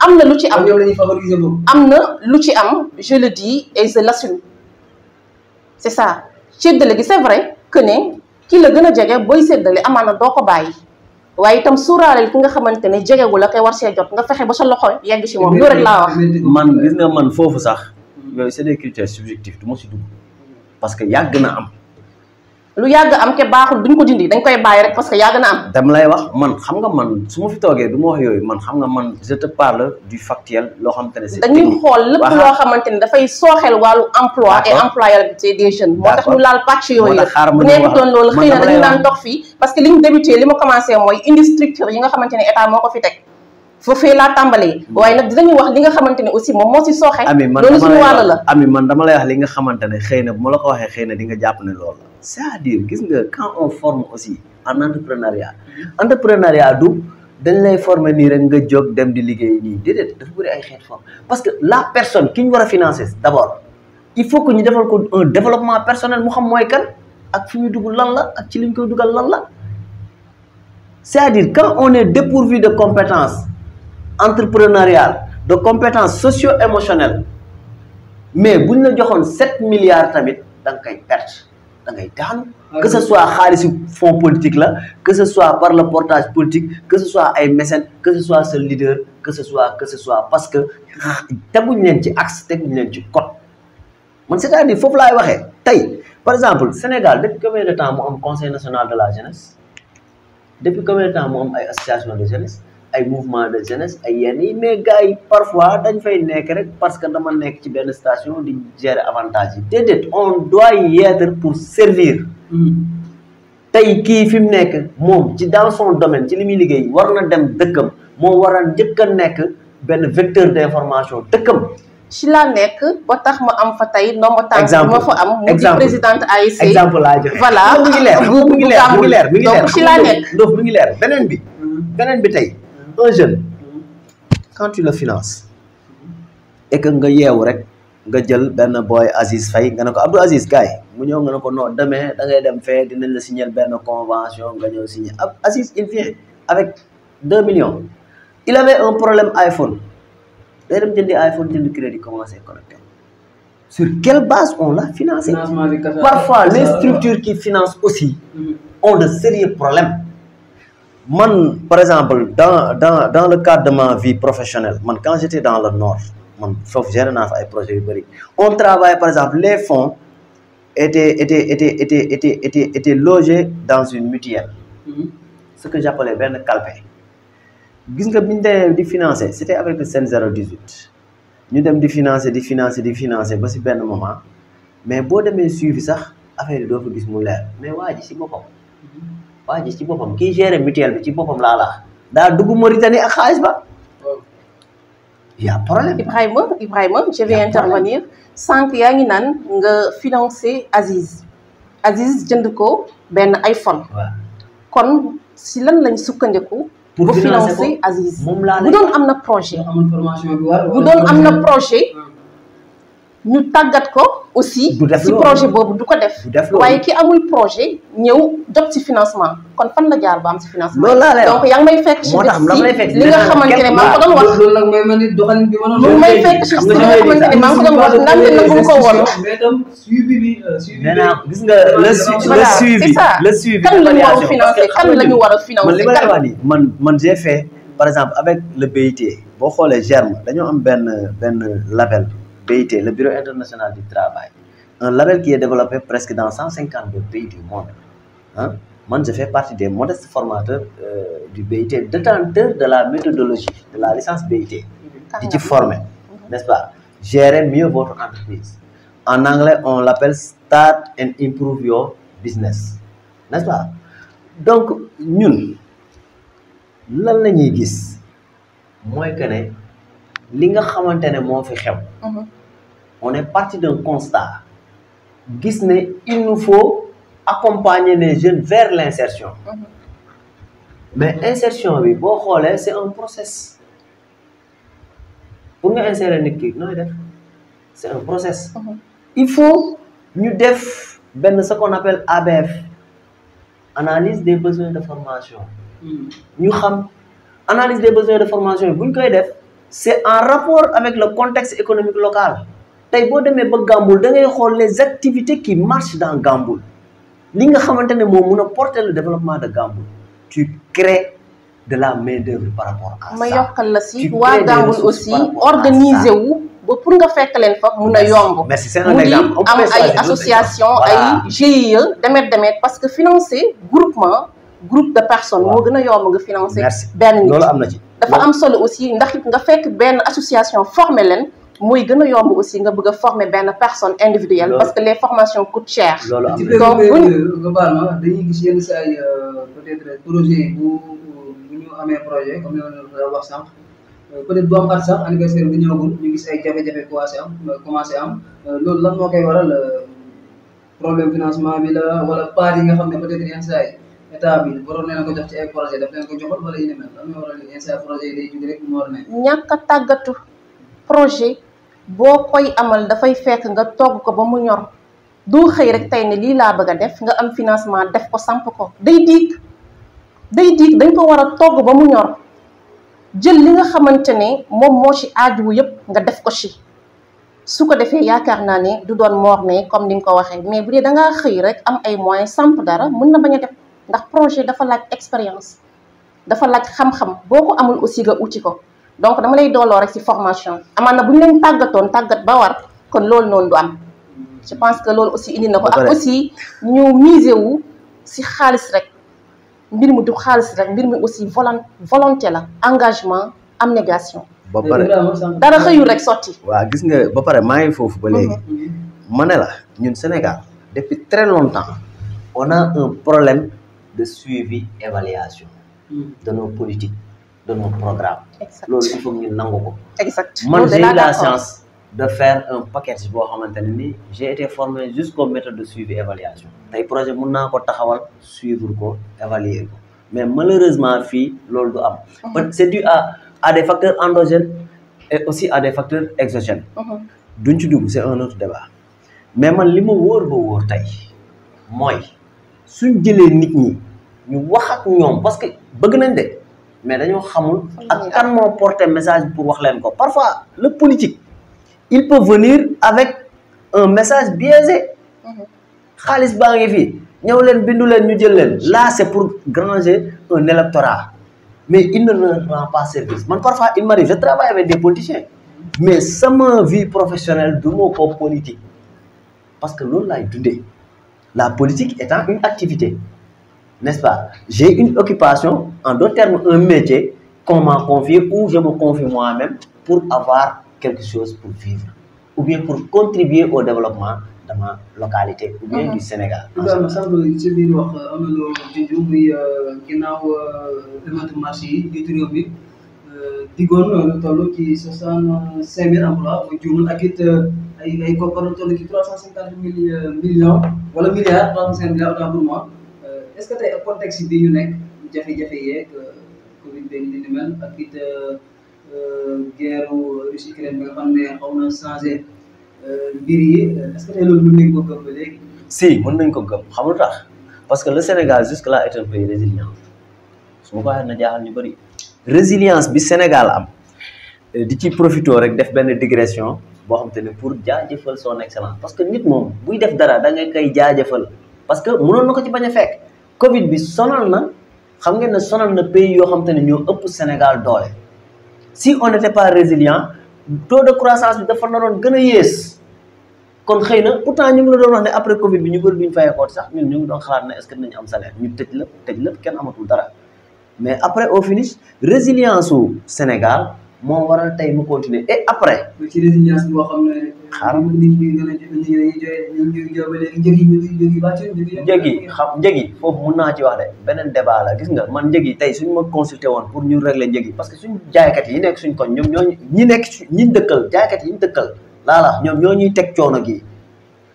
am na lu ci am ñoom la ñuy favoriser moom am na lu ci am je le dis et je l'assume c'est ça séddale gi c'est vrai que ne ki la gën a jege booy séddale amaana doo ko bàyyi waaye itam suuraaleel ki nga xamante ne jegewu la koy war see jot nga fexe ba sa loxo yegg si moom loolu rek laa wax. man gis nga man foofu sax yooyu c'est de critères subjectifs du ma si parce que yàgg na am. lu yàgg am ke baaxul duñ ko dindi dañ koy bàyyi rek parce que yàgg na am. dama lay wax man xam nga man su ma fi toogee du ma wax yooyu man xam nga man je te parle du factuel loo xamante ne xool lépp xamante ni dafay sooxel wàllu emploi et employabilité des jeunes. moo tax ñu laal pàcc yooyu yëpp bu loolu xëy dañu daan dox fii. parce que li ñu débuté li ma commencé mooy indi yi nga xamante ne état moo ko fi teg. foofee laa tàmbalee. Hmm. waaye nag dinañu wax li nga xamante ne aussi moom moo si sooxe. loolu suñu wàll la ami man dama wax nga xamante ne xëy na ma la ko waxee xëy na di nga jàpp ne loolu la c'est-à-dire gis nga quand on forme aussi en entrepreneuriat entrepreneuriat du dañ lay former nii rek nga jóg dem di liggéey nii déedéet dafa bëri ay xeet forme parce que la personne ki ñu war financer d'abord il faut que ñu defal ko développement personnel mu xam mooy kan ak fi muy dugg lan la ak ci li ñu koy dugal lan la c'est-à-dire quand on est dépourvu de compétence entrepreneuriales de compétence socio-émotionnelles mais bu ñu la joxoon sept milliards tamit da nga koy da ngay daanu ah que ce soit xaalisu fonds politique la que ce soit par le portage politique que ce soit ay mécène que ce soit sa leader que ce soit que parce que teguñ leen ci axe teguñ leen ci code man c'est-à-dire foofu laay waxee tey par exemple Sénégal depuis combien de temps mu am conseil national de la jeunesse depuis combien de temps mu am ay association de jeunesse ay mouvement de jeunesse ay yenn yi mais gars parfois dañ fay nekk rek parce que dama nekk ci benn station di gérer avantage yi déedéet on doit y pour servir hmm. tey kii fi mu nekk moom ci dans son domaine ci li muy liggéey war na dem dëkkam moo war njëkk a nekk benn vecteur d'information dëkkam ci laa nekk ba tax ma am fa tey ndomba tànk ma fa am mu di présidente AIC exemple laa joxe voilà mu ngi leer mu leer mu ngi leer mu ngi ngi leer beneen bi hmm. beneen bi tey un jeune quand tu le finances et nga yeewu rek nga jël benn boy asis fay nga ne ko Abdou Aziz mu ñëw nga ne ko non demain da ngay dem fee dinañ la signer benn convention nga ñëw signer ab Aziz il vient avec deux millions il avait un problème iPhone day dem jëndi iPhone jëndi crédit commencé connecté sur quelle base on l'a financé parfois les structures qui finance aussi on de sérieux problème man par exemple dans dans dans le cadre de ma vie professionnelle man quand j'étais dans le nord man foofu géré naa ay projets yu bëri on travaille par exemple les fonds étaient étaient été été étaient étaient été logés dans une mutuelle mm-hmm. ce que j'appelais benn calpe gis nga bi ñu demee di financer c'était avec le SEN 018 ñu dem di financer di financer di financer ba si benn moment mais boo demee suivi sax affaire yi doo fa gis mu leer mais waa ji si boppam mm-hmm. waa ji ci boppam ki géré mutuelle bi ci boppam laa la daa dugg Mauritanie ak xaalis ba y a problème. Ibrahima Ibrahima sànq yaa ngi naan nga financer Aziz Aziz jënd hmm. ko benn iPhone. kon si lan lañ sukkandiku. pour financer Aziz bu doon am na projet. bu doon am na projet ñu tàggat ko. aussi si projet boobu du ko def waaye ki amuy projet ñëw jot si financement kon fan la jaar ba am ci financement donc yaa ngi may fekk si li nga xamante ne maa ngi ko doon wax loolu nag may ma ni doxalin bi ma nga xamante ne wax naan leen nag bi nga le suivi le suivi kan la ñu war a financé kan la ñu war a financé man man j'ai fait par exemple avec le BIT boo xoolee germe dañoo am benn benn label BIT, le Bureau international du travail, un label qui est développé presque dans 152 pays du monde. Hein? Moi, je fais partie des modestes formateurs euh, du BIT, détenteurs de la méthodologie, de la licence BIT, qui forme, n'est-ce pas Gérer mieux votre entreprise. En anglais, on l'appelle Start and Improve Your Business, n'est-ce pas Donc, nous, lan la ñuy gis mooy que ne li nga xamante ne moo fi xew mm-hmm. on est parti d'un constat gis ne il nous faut accompagner les jeunes vers l'insertion mm -hmm. mais insertion bi boo xoolee c'est un process pour nga insérer nit ki nooy def c'est un process mm il faut ñu def benn ce qu'on appelle ABF analyse des besoins de formation mm-hmm. ñu xam analyse des besoins de formation bu ñu koy def c'est en rapport avec le contexte économique local tey boo demee ba Gamboul da xool les activités qui marchent dans Gamboul li nga xamante ne moo mun a porter le développement de Gamboul tu crées de la main d'œuvre par rapport à ma yokkal la si waa Gamboul aussi organiser wu ba pour nga fekk leen fa mun a yomb. merci c'est un exemple am ay association ay GIE demet demet parce que financer groupement groupe de personnes moo gën a yomb nga financer. benn nit am na ci. dafa am solo aussi ndax it nga fekk benn association formé leen. muy gën a yomb aussi nga bëgg a former benn personne individuelle. parce que les formations coûtent cher. loolu am na donc buñ dañuy gis euh, projet bu bu ñu amee projet comme wax sànq. Euh, peut-être bu am at sax anniversaire bi ñëwagul ñu gis ay jafe-jafe commencé am euh, commencé am loolu lan moo koy waral problème financement bi la wala part yi nga xam ne peut-être yenn saa yi état bi waroon na ko jox ci ay projet daf leen ko joxoon wala yu ne mel lan moo waral yenn saa projet tàggatu projet. boo koy amal dafay fekk nga togg ko ba mu ñor doo xëy rek tey ne lii laa bëgg a def nga am financement def ko samp ko day diig day diig dañ ko war a togg ba mu ñor jël li nga xamante ne moom moo ci aajuwu yëpp nga def ko ci su ko defee yaakaar naa ne du doon moor ne comme ni nga ko waxee mais bu dee da ngaa xëy rek am ay moyens samp dara mun na bañ a def ndax projet dafa laaj expérience dafa laaj xam-xam boo ko amul aussi nga uti ko donc dama lay dooloo rek ci formation amaan na bu ñu leen tàggatoon tàggat ba war kon loolu noonu du am je pense que loolu aussi indi na ko ak aussi ñu miser wu ci xaalis rek mbir mi du xaalis rek mbir mi aussi volon volonté la engagement am négation ba pare dara xëyul rek sotti waa gis nga ba pare maa ngi foofu ba mhm. léegi ma ne la ñun Sénégal depuis très longtemps on a un problème de suivi évaluation mm. de nos politiques de nos programmes loolu il faut ñu nangu ko. exact man j'ai la chance de faire un package boo xamante ne ni j'ai été formé jusqu'aux méthodes de suivi évaluation. tey projet mun naa ko taxawal suivre ko évaluer ko mais malheureusement fii loolu du am. parce mhm. que c'est dû à des facteurs endogènes et aussi à des facteurs exogènes. Mhm. duñ ci dugg c'est un autre débat mais man li ma wóor ba wóor tey mooy suñ jëlee nit ñi ñu wax ak ñoom parce que bëgg nañ de. mais dañoo xamul ak kan moo porté message pour wax leen ko parfois le politique il peut venir avec un message biaisé mhm. xaalis baa ngi fi ñëw leen bindu leen ñu jël leen la c'est pour granger un électorat mais il ne rend pas service man parfois il m'arrive je travaille avec des politiciens mais sama vie professionnelle du moo politique parce que loolu laay dundee la politique étant une activité n'est-ce pas J'ai une occupation, en d'autres termes, un métier qu'on m'a confié ou je confie moi-même pour avoir quelque chose pour vivre ou bien pour contribuer au développement de ma localité ou bien mhm. du Sénégal. Ibrahima sànq ci biir wax euh, am na loo junj euh, euh, mille emplois bu juumul ak it ay ay koppar lu toll ci trois cent milliards trois cinq milliards pour moi. est-ce que tey contexte bi ñu nekk jafe-jafe yeeg euh, Covid euh, euh, na changé mbir yi est que tey loolu mën nañ ko gëm ba léegi. si mën nañ ko gëm xam tax parce que le Sénégal jusque-là est un pays résilient su na jaaxal ñu bëri résilience bi Sénégal am di ci profito rek def benn digression boo xam te ne pour jaajëfal son excellence parce que nit moom buy def dara da nga koy jaajëfal parce que mënoon na ko ci bañ a fekk. Covid bi sonal na xam ngeen ne sonal na pays yoo xam te ne ñoo ëpp Sénégal doole si on n'était pas résilient taux de croissance bi dafa naroon gën a yées kon xëy na pourtant ñu ngi la doon wax ne après Covid bi ñu bëri duñ fayekoot sax ñun ñu ngi doon xalaat ne est-ce que dinañ am salaire ñu tëj la tëj la kenn amatul dara mais après au finish résilience su Sénégal. moo waral tey mu continuer et après. ci résilience boo xam ne. xaaral nit njëg yi foofu mun naa ci wax de beneen débat la gis nga man njëg yi tey suñu ma consulté woon pour ñu régler njëg yi parce que suñu jaaykat yi nekk suñ koñ ñoom ñoo ñi nekk ñi dëkkal jaaykat yi ñu dëkkal laala ñoom ñoo ñuy teg coono gi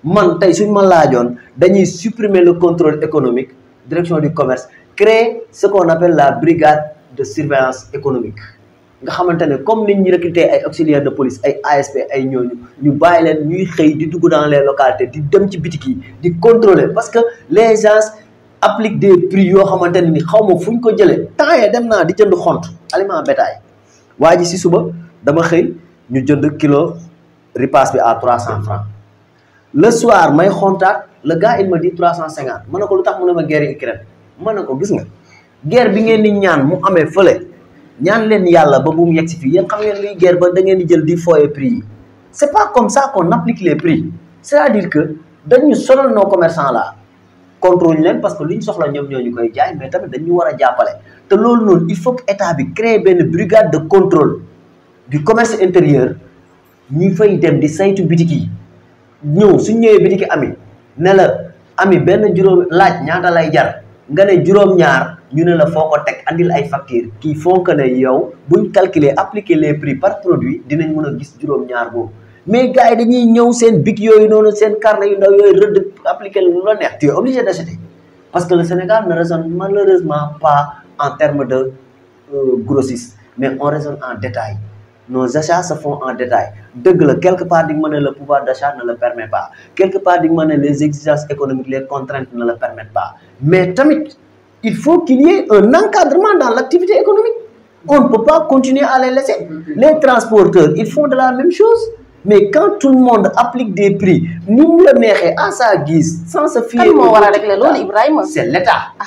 man tey suñ ma laajoon dañuy suprimer le contrôle économique direction du commerce créer ce qu'on appelle la brigade de surveillance économique. nga xamante ne comme nit ñi recruter ay auxiliaires de police ay ASP ay ñooñu ñu bàyyi leen ñuy xëy di dugg dans les localités di dem ci bitik yi di contrôler parce que les gens appliquent des prix yoo xamante ne ni xaw ma fu ñu ko jëlee temps dem naa di jënd xont aliment waa ji si suba dama xëy ñu jënd kilo ripaas bi à trois cent francs le soir may xontaat le gars il m'a trois cent cinquante ma ne ko lu tax mu ne ma guerre Ukraine ma ne ko gis nga guerre bi ngeen di ñaan mu amee fële ñaan leen yàlla ba bu mu yegg si fii yéen xam ngeen luy guerre ba dangeen ngeen di jël di fooye prix yi c' est pas comme ça qu'on applique les prix c' est à dire que dañu sonal nos commerçants là contrôle leen parce que lu ñu soxla ñoom ñoo ñu koy jaay mais tamit dañu war a jàppale te loolu noonu il faut que état bi créer benn brigade de contrôle du commerce intérieur ñu fay dem di saytu bitik yi ñëw suñ ñëwee bitiki ami ne la ami benn juróom laaj ñaata lay jar nga ne juróom ñu ne la foo ko teg andil ay facture kii foo ko ne yow buñ calculer appliquer les prix par produit dinañ mën a gis juróom-ñaar boobu mais gars yi dañuy ñëw seen bic yooyu noonu seen carnet yu ndaw yooyu rëdd appliquer lu la neex tu es obligé d'acheter parce que le Sénégal ne raisonne malheureusement pas en termes de euh, grossiste mais on raisonne en détail nos achats se font en détail dëgg la quelque part di nga mën ne le pouvoir d'achat ne le permet pas quelque il faut qu'il y ait un encadrement dans l'activité économique. On ne peut pas continuer à les laisser. Les transporteurs, ils font de la même chose. Mais quand tout le monde applique des prix, ni le maire à sa guise, sans se fier... Ah, c'est l'État. Ah.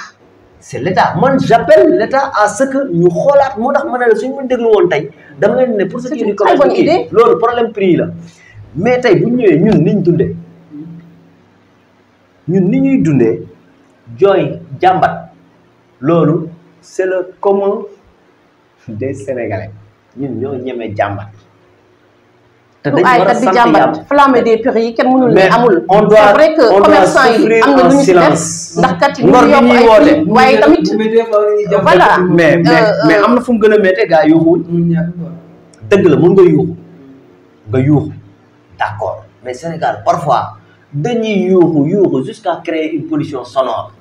c'est l'État man j'appelle l'État à ce que ñu xoolaat moo tax ma ne la suñ ko déglu woon tey dama leen ne pour ce qui est du commerce loolu problème prix la mais tey bu ñu ñëwee ñun ni ñu dundee ni ñuy dundee jooy jàmbat loolu c'est le commun des sénégalais ñun ñoo ñeme jàmbat. te dañu war a sant yàlla flamme des prix yi kenn mënul ne amul. on doit c'est vrai que commerçant yi na lu ñu ci def ay tamit mais euh, mais mais euh, am na fu mu gën a méttee gaa yuuxuwul. dëgg la mën nga yuuxu nga yuuxu d'accord mais Sénégal parfois dañuy yuuxu yuuxu jusqu'à créer une pollution sonore.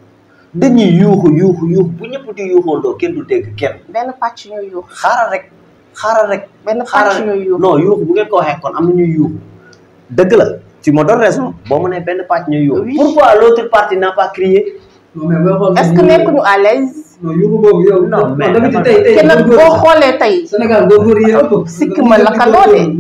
dañuy yuuxu yuuxu yuuxu bu ñëpp di yuuxandoo kenn du dégg kenn. benn pàcc ñooy yuuxu. xaaral rek xaaral rek. benn pàcc ñooy yuuxu non yuuxu bu ngeen ko waxee kon am na ñuy yuuxu. dëgg la tu me donnes raison boo mu ne benn pàcc ñooy yuuxu. pourquoi l'autre partie n'a pas crié. est-ce que nekkuñu à l'aise non yóbbu mais te nag boo xoolee tey. sikk góorgóorlu yi ëpp. sikki ma la ka doole.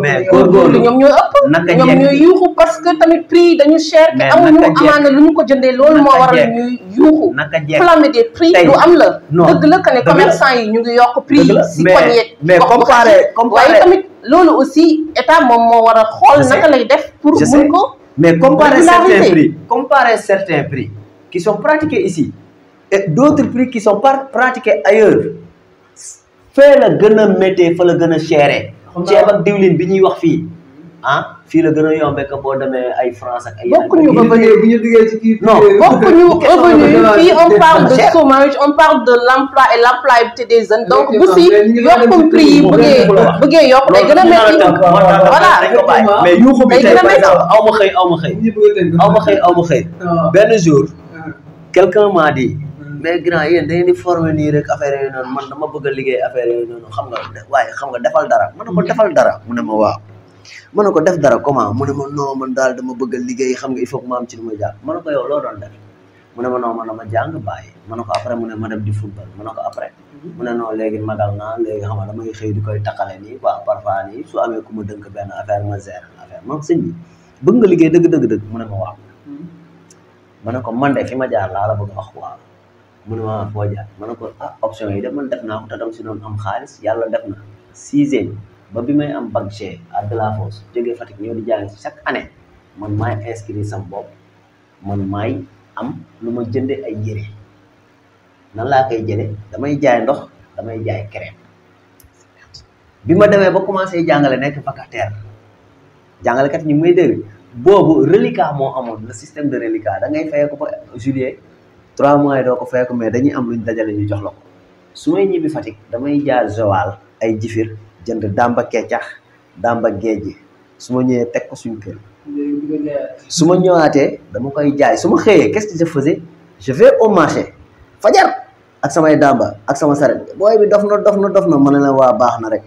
mais góorgóorlu ñoom ñoo ëpp. naka ñoom ñooy yuuxu parce que tamit prix yi dañu cher. te amuñu amaana lu ñu ko jëndee loolu moo waral ñuy yuuxu. naka jeex flamme des prix lu am la. dëgg la que ne commerçant yi ñu ngi yokk prix yi. si koñeet mais comparé comparé waaye tamit loolu aussi état moom moo war a xool def. pour mun mais comparer certains prix comparer certains prix qui sont pratiqués e ici et d'autres prix qui sont pas pratiqués ailleurs fee la gën a méttee fa la gën a chéré ceeb ak diwlin bi ñuy wax fii ah, fii la gën a yombee que boo demee ay France ak ay bokkuñu revenu bu ñu fii on parle de chômage on parle de l'emploi et l'employabilité des jeunes donc bu si yokkum prix yi bëggee yokk day gën a métti voilà mais yuuxu bi tey par exemple ma xëy aw ma xëy aw ma xëy aw ma xëy ah. benn jour ah. quelqu'un m'a dit mais grand yéen da ngeen di formé nii rek affaire yooyu noonu man dama bëgg a liggéey affaire yooyu noonu xam nga waaye xam nga defal dara mm-hmm. mën na defal dara mu ne ma waaw mën na ko def dara comment mu ne ma non man daal dama bëgg liggéey xam nga il faut que ma am ci lu ma jàpp mën na mu ne ma non man dama jàng bàyyi mën na ko après mu ne ma dem di football mën na mm-hmm. mu ne non léegi magal naa léegi xam nga damay xëy di koy taqale nii quoi parfois nii su amee ku ma dënk benn affaire ma gère affaire man sëñ bi nga liggéey dëgg dëgg dëgg mu ne ma waaw mm-hmm. ma ne ko man de fi ma jaar laa la bëgg wax waaw mu ne ma foo jaar ma ko ah option yi de man def naa ko te dama si am xaalis yàlla def na sixième ba bi may am bac G à Delafosse jógee Fatick ñoo di jàng chaque année man maay inscrire sam bopp man maay am lu ma jënde ay yére nan laa koy jële damay jaay ndox damay jaay crème bi ma demee ba commencé jàngale nekk vacataire jàngalekat ñu may dégg boobu reliquat moo amoon le système de reliquat da ngay fayee ko ba trois mois yi doo ko fay ko mais dañuy am luñ dajale ñu jox la ko su may ñibbi Fatick damay jaar Joal ay jifir jënd dàmba kecax damba géej su ma ñëwee teg su ma ñëwaatee dama koy jaay su ma xëyee qu'est-ce que je faisais je vais au marché fajar ak samay damba ak sama saret booy bi dof na dof na dof na mën na waa baax na rek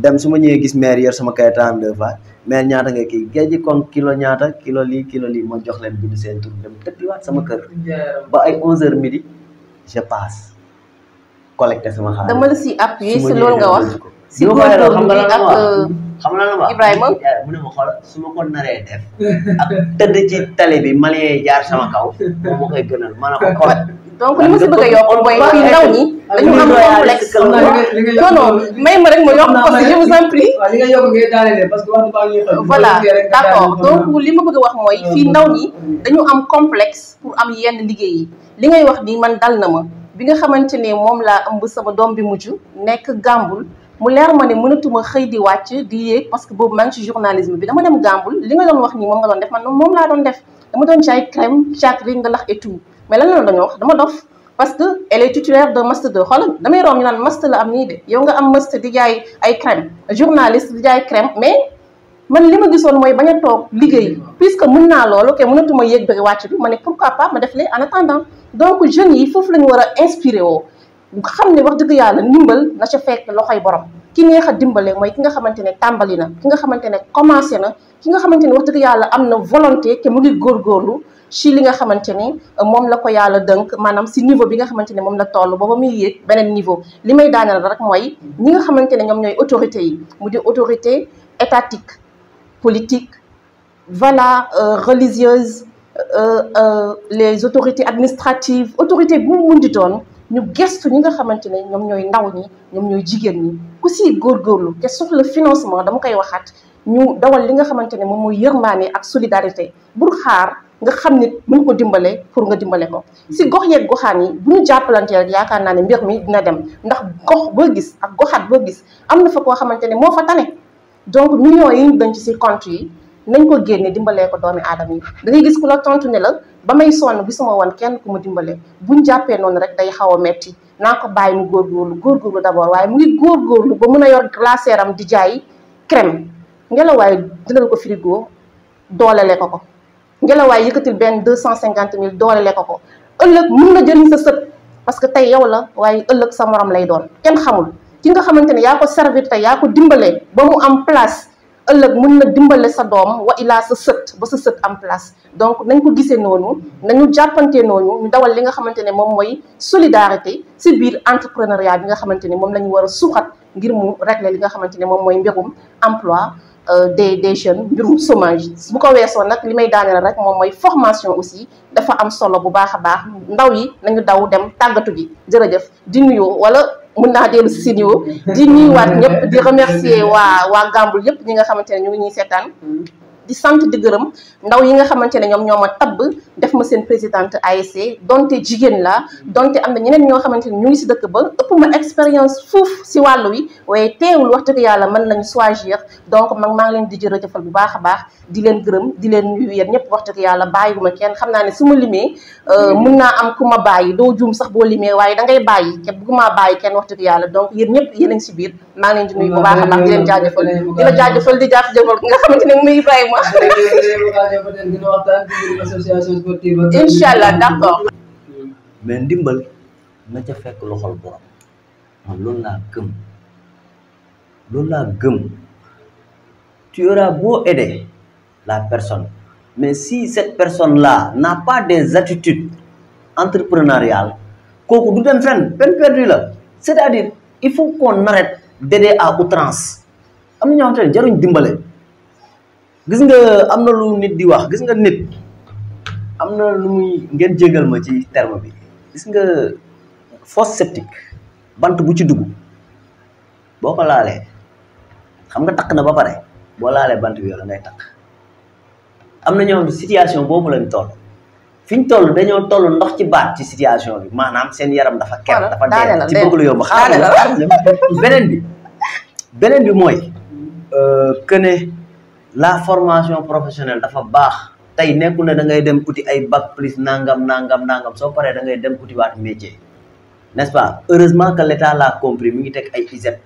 dem su ma ñëwee gis maire yor sama kayit 32 fois maire ñaata nga kii géej kon kilo ñaata kilo lii kilo lii ma jox leen bind seen tur dem waat sama kër. ba ay 11h midi je passe collecté sama xaalis. dama la si appuyer si loolu nga wax. si góorgóorlu bi ak xam nga lan euh, Ibrahima mu ma xool su ma ko def. tëdd ci tali bi malien jaar sama kaw. moom ma ne donc li ma si bëgg a yokk mooy fii ndaw ñi dañu am complexe. que je vous en li nga voilà d' donc li ma bëgg a wax mooy fii ndaw ñi dañu am complexe pour am yenn liggéey yi li ngay wax nii man dal na ma bi nga xamante ne moom laa ëmb sama doom bi mujj nekk gàmbul. mu leer ma ne mënatuma xëy di wàcc di yéeg parce que boobu maa ngi ci journalisme bi dama dem gàmbul li nga doon wax nii moom nga doon def man moom laa doon def dama doon jaay crème chakri nga lax et mais lan la dañoo wax dama dof parce que elle est titulaire de master 2 xoolal damay romb ñu naan master la am nii de yow nga am master di jaay crème journaliste di jaay crème mais man li ma gisoon mooy bañ a toog liggéey puisque mun naa loolu ke mënatuma yéeg bëgg wàcc bi ma ne pourquoi pas ma def na en attendant donc jeunes yi foofu la ñu war a inspiré woo xam ne wax dëgg yàlla ndimbal na ca fekk loxoy borom ki neex a dimbale mooy ki nga xamante ne tàmbali na ki nga xamante ne commencé na ki nga xamante ne wax yàlla am na volonté te mu ci li nga xamante ne euh, moom la ko yàlla dënk maanaam si niveau bi nga xamante ne moom la toll booba muy yéeg beneen niveau li may daaneel rek mooy ñi nga xamante ne ñoom ñooy autorité yi mu di autorité étatique politique voilà euh, religieuse euh, les autorités administratives autorité bu di doon ñu gestu ñi nga xamante ne ñoom ñooy ndaw ñi ñoom ñooy jigéen ñi ku si góorlu te soxla financement dama koy waxaat ñu dawal li nga xamante ne moom mooy yërmaane ak solidarité bur xaar nga xam nit mun ko dimbale pour nga dimbale ko si gox yeeg goxaan yi bu ñu jàppalantee yaakaar naa ne mbir mi dina dem ndax gox boo gis ak goxaat boo gis am na fa koo xamante ne moo fa tane donc millions yi ñu denc si compte nañ ko génne dimbalee ko doomi aadama yi da gis ku la tontu ne la ba may sonn gisuma woon kenn ku ma dimbale buñ jàppee noonu rek day xaw a metti naa ko bàyyi mu góorgóorlu góorgóorlu d'abord waaye mu ngi góorgóorlu ba mun a yor glacière di jaay crème ngelaw waaye dënal ko frigo doolele ko ko ngelawaay yëkkatil benn deux cent cinquante mille doolele ko ko ëllëg mun na jëriñ sa sët parce que tey yow la waaye ëllëg sa morom lay doon kenn xamul ki nga xamante ne yaa ko servir tey yaa ko dimbale ba mu am place ëllëg mun na dimbale sa doom wa ilaa sa sët ba sa sët am place donc nañ ko gisee noonu nañu jàppante noonu ñu dawal li nga xamante ne moom mooy solidarité ci biir entrepreneuriat bi nga xamante ne moom la ñu war a suuxat ngir mu régler li nga xamante ne moom mooy mbégum emploi Euh, des des jeunes mbirum chômage bu ko weesoo nag li may daaneel rek moom mooy formation aussi dafa am solo bu baax a baax ndaw yi nañu daw dem tàggatu gi jërëjëf di nuyoo wala mën naa dellu si si nuyoo di nuyuwaat ñëpp di remercier waa waa Gamboul yëpp ñi nga xamante ne ñu ngi ñuy seetaan. di sant di gërëm ndaw yi nga xamante ne ñoom ñoo ma tabb def ma seen présidente ASC donte jigéen laa donte am na ñeneen ñoo xamante ne ñu ngi si dëkk ba ëpp ma expérience fuuf si wàll wi waaye teewul wax dëgg yàlla mën lañu choisir donc man maa ngi leen di jërëjëfal bu baax a baax di leen gërëm di leen yéen ñëpp wax dëgg yàlla bàyyiwuma kenn xam naa ne su ma limee euh, mm-hmm. mun naa am ku ma bàyyi doo juum sax boo limee waaye da ngay bàyyi te bëgguma bàyyi kenn wax dëgg yàlla donc yéen ñëpp yéen a ngi si biir maa leen di nuyu bu baax a baax di leen jaajëfal di la jaajëfal di jaajëfal nga xamante ne ma. incha allah d' accord. fekk loxol borom man loolu laa gëm loolu laa gëm tu auras beau la personne mais si cette personne la n'a pas des attitudes entrepreneuriales kooku du dem fenn peine perdue la c'est-à-dire il faut qu'on arrête d'aider à outrance am na ñoo jaruñ dimbale. gis nga am na lu nit di wax gis nga nit am na lu muy ngeen jégal ma ci terme bi gis nga fosse septique bant bu ci dugg boo ko laalee xam nga takk na ba pare boo laalee bant bi yow la ngay takk am na ñoom situation boobu lañ toll fi ñu toll dañoo toll ndox ci baat ci situation bi maanaam seen yaram dafa ker dafa dee ci bëgg lu yomb xaaral beneen bi beneen bi mooy euh, que la formation professionnelle dafa baax tey nekkul ne da ngay dem uti ay bac plus nangam nangam nangam soo paree da ngay dem uti waat métier n'est-ce pas heureusement que l'État l'a compris mi ngi teg ay ISEP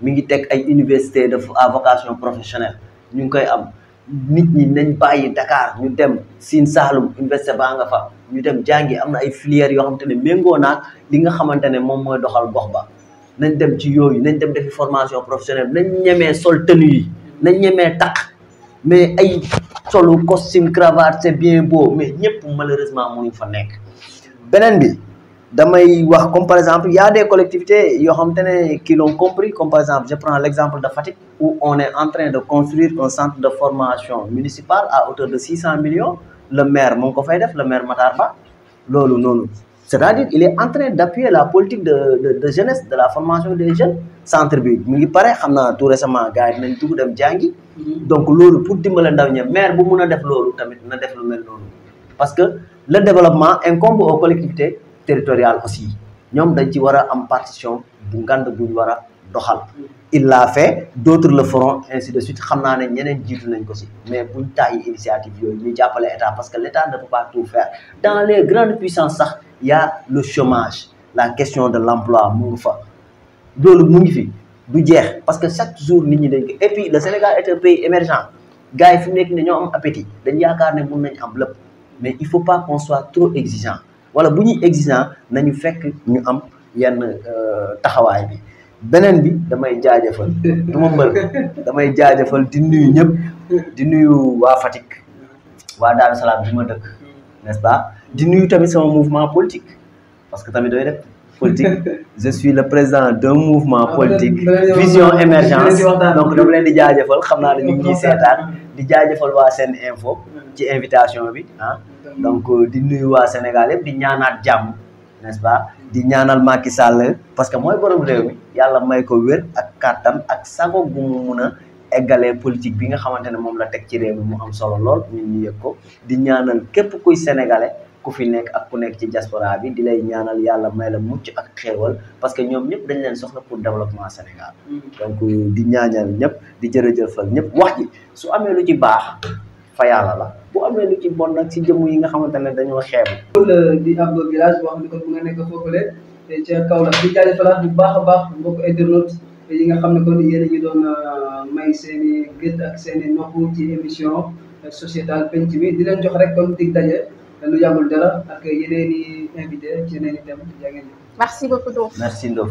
mi ngi teg ay université de à vocation professionnelle ñu ngi koy am nit ñi nañ bàyyi Dakar ñu dem Sine Saalum université baa nga fa ñu dem jàngi am na ay filières yoo xam xamante ne méngoo naag li nga xamante ne moom mooy doxal gox ba nañ dem ci yooyu nañ dem defi formation professionnelle nañ ñemee sol tenue yi nañ ñemee takk mais ay solu costume cravate c'est bien beau mais ñëpp malheureusement mënuñ fa nekk beneen bi damay wax comme par exemple y a des collectivités yoo xamante ne qui l'ont compris comme par exemple je prends l'exemple de Fatick où on est en de construire un centre de formation municipale à hauteur de six cent millions le maire mu ko fay def le maire Matar Ba loolu noonu c'est-à-dire il est en train d'appuyer la politique de de jeunesse de la formation des jeunes centre bi mu ngi pare xam naa tout récemment gars yi nañ dugg dem jàngi. Mm-hmm. donc loolu pour dimbale ndaw ña maire bu mun a def loolu tamit na def lu mel noonu. parce que le développement incombe aux collectivités territoriales aussi ñoom dañ ci war a am partition bu ngand buñ war a doxal. Mm-hmm. il l'a fait d'autres le feront ainsi de suite xam naa ne ñeneen jiitu nañ ko si mais buñ tax yi initiative yooyu ñu jàppale état parce que l'état ne peut sax. y le chômage la question de l'emploi mu ngi fa loolu mu ngi fi du jeex parce que chaque jour ni ñi de ko et puis le Sénégal est un pays émergent gars yi fi nekk ne ñoo am appétit dañ yaakaar ne mun nañ am lépp mais il faut pas qu'on soit trop exigeant wala bu ñuy exigeant nañu fekk ñu am yenn euh, taxawaay bi beneen bi damay jaajëfal du ma mbër damay jaajëfal di nuyu ñëpp di nuyu waa fatik waa Daaru Salaam bi ma dëkk nest pas di nuyu tamit sama mouvement politique parce que tamit dooy def politique je suis le président d'un mouvement ah, politique vision émergence donc dama leen di jaajafal xam naa ne ñu ngi seetaan di jaajëfal waa seen info ci invitation bi ah donc di nuy waa Sénégal di ñaanaat jàmm nest pas di ñaanal Macky Sall parce que mooy borom réew mi yàlla may ko wér ak kàttan ak sago gu mu mun politique bi nga xamante ne moom la teg ci réew mi mu am solo lool ñun ñu yëg ko di ñaanal képp kuy sénégalais ku fi nekk ak ku nekk ci diaspora bi di lay ñaanal yàlla may la mucc ak xéewal parce que ñoom ñëpp dañ leen soxla pour développement Sénégal mm. donc di ñaanal ñëpp di jërëjëfal ñëpp wax ji su amee lu ci baax fa yàlla la bu amee lu ci bon nag ci jëmm yi nga xamante ne dañoo xeeb di ab village boo xam ne kon bu nga nekk foofule ci Kaolack di jaajëfalaat bu baax a baax mbokk internaute yi nga xam ne kon yéen a ñu doon euh, may seen i ak seen i nopp ci émission sociétale penc bi di leen jox rek kon dig daje lu yàggul dara ak yeneen i invité ci yeneen i thèmes yaa ngi merci beaucoup Ndof merci Ndof.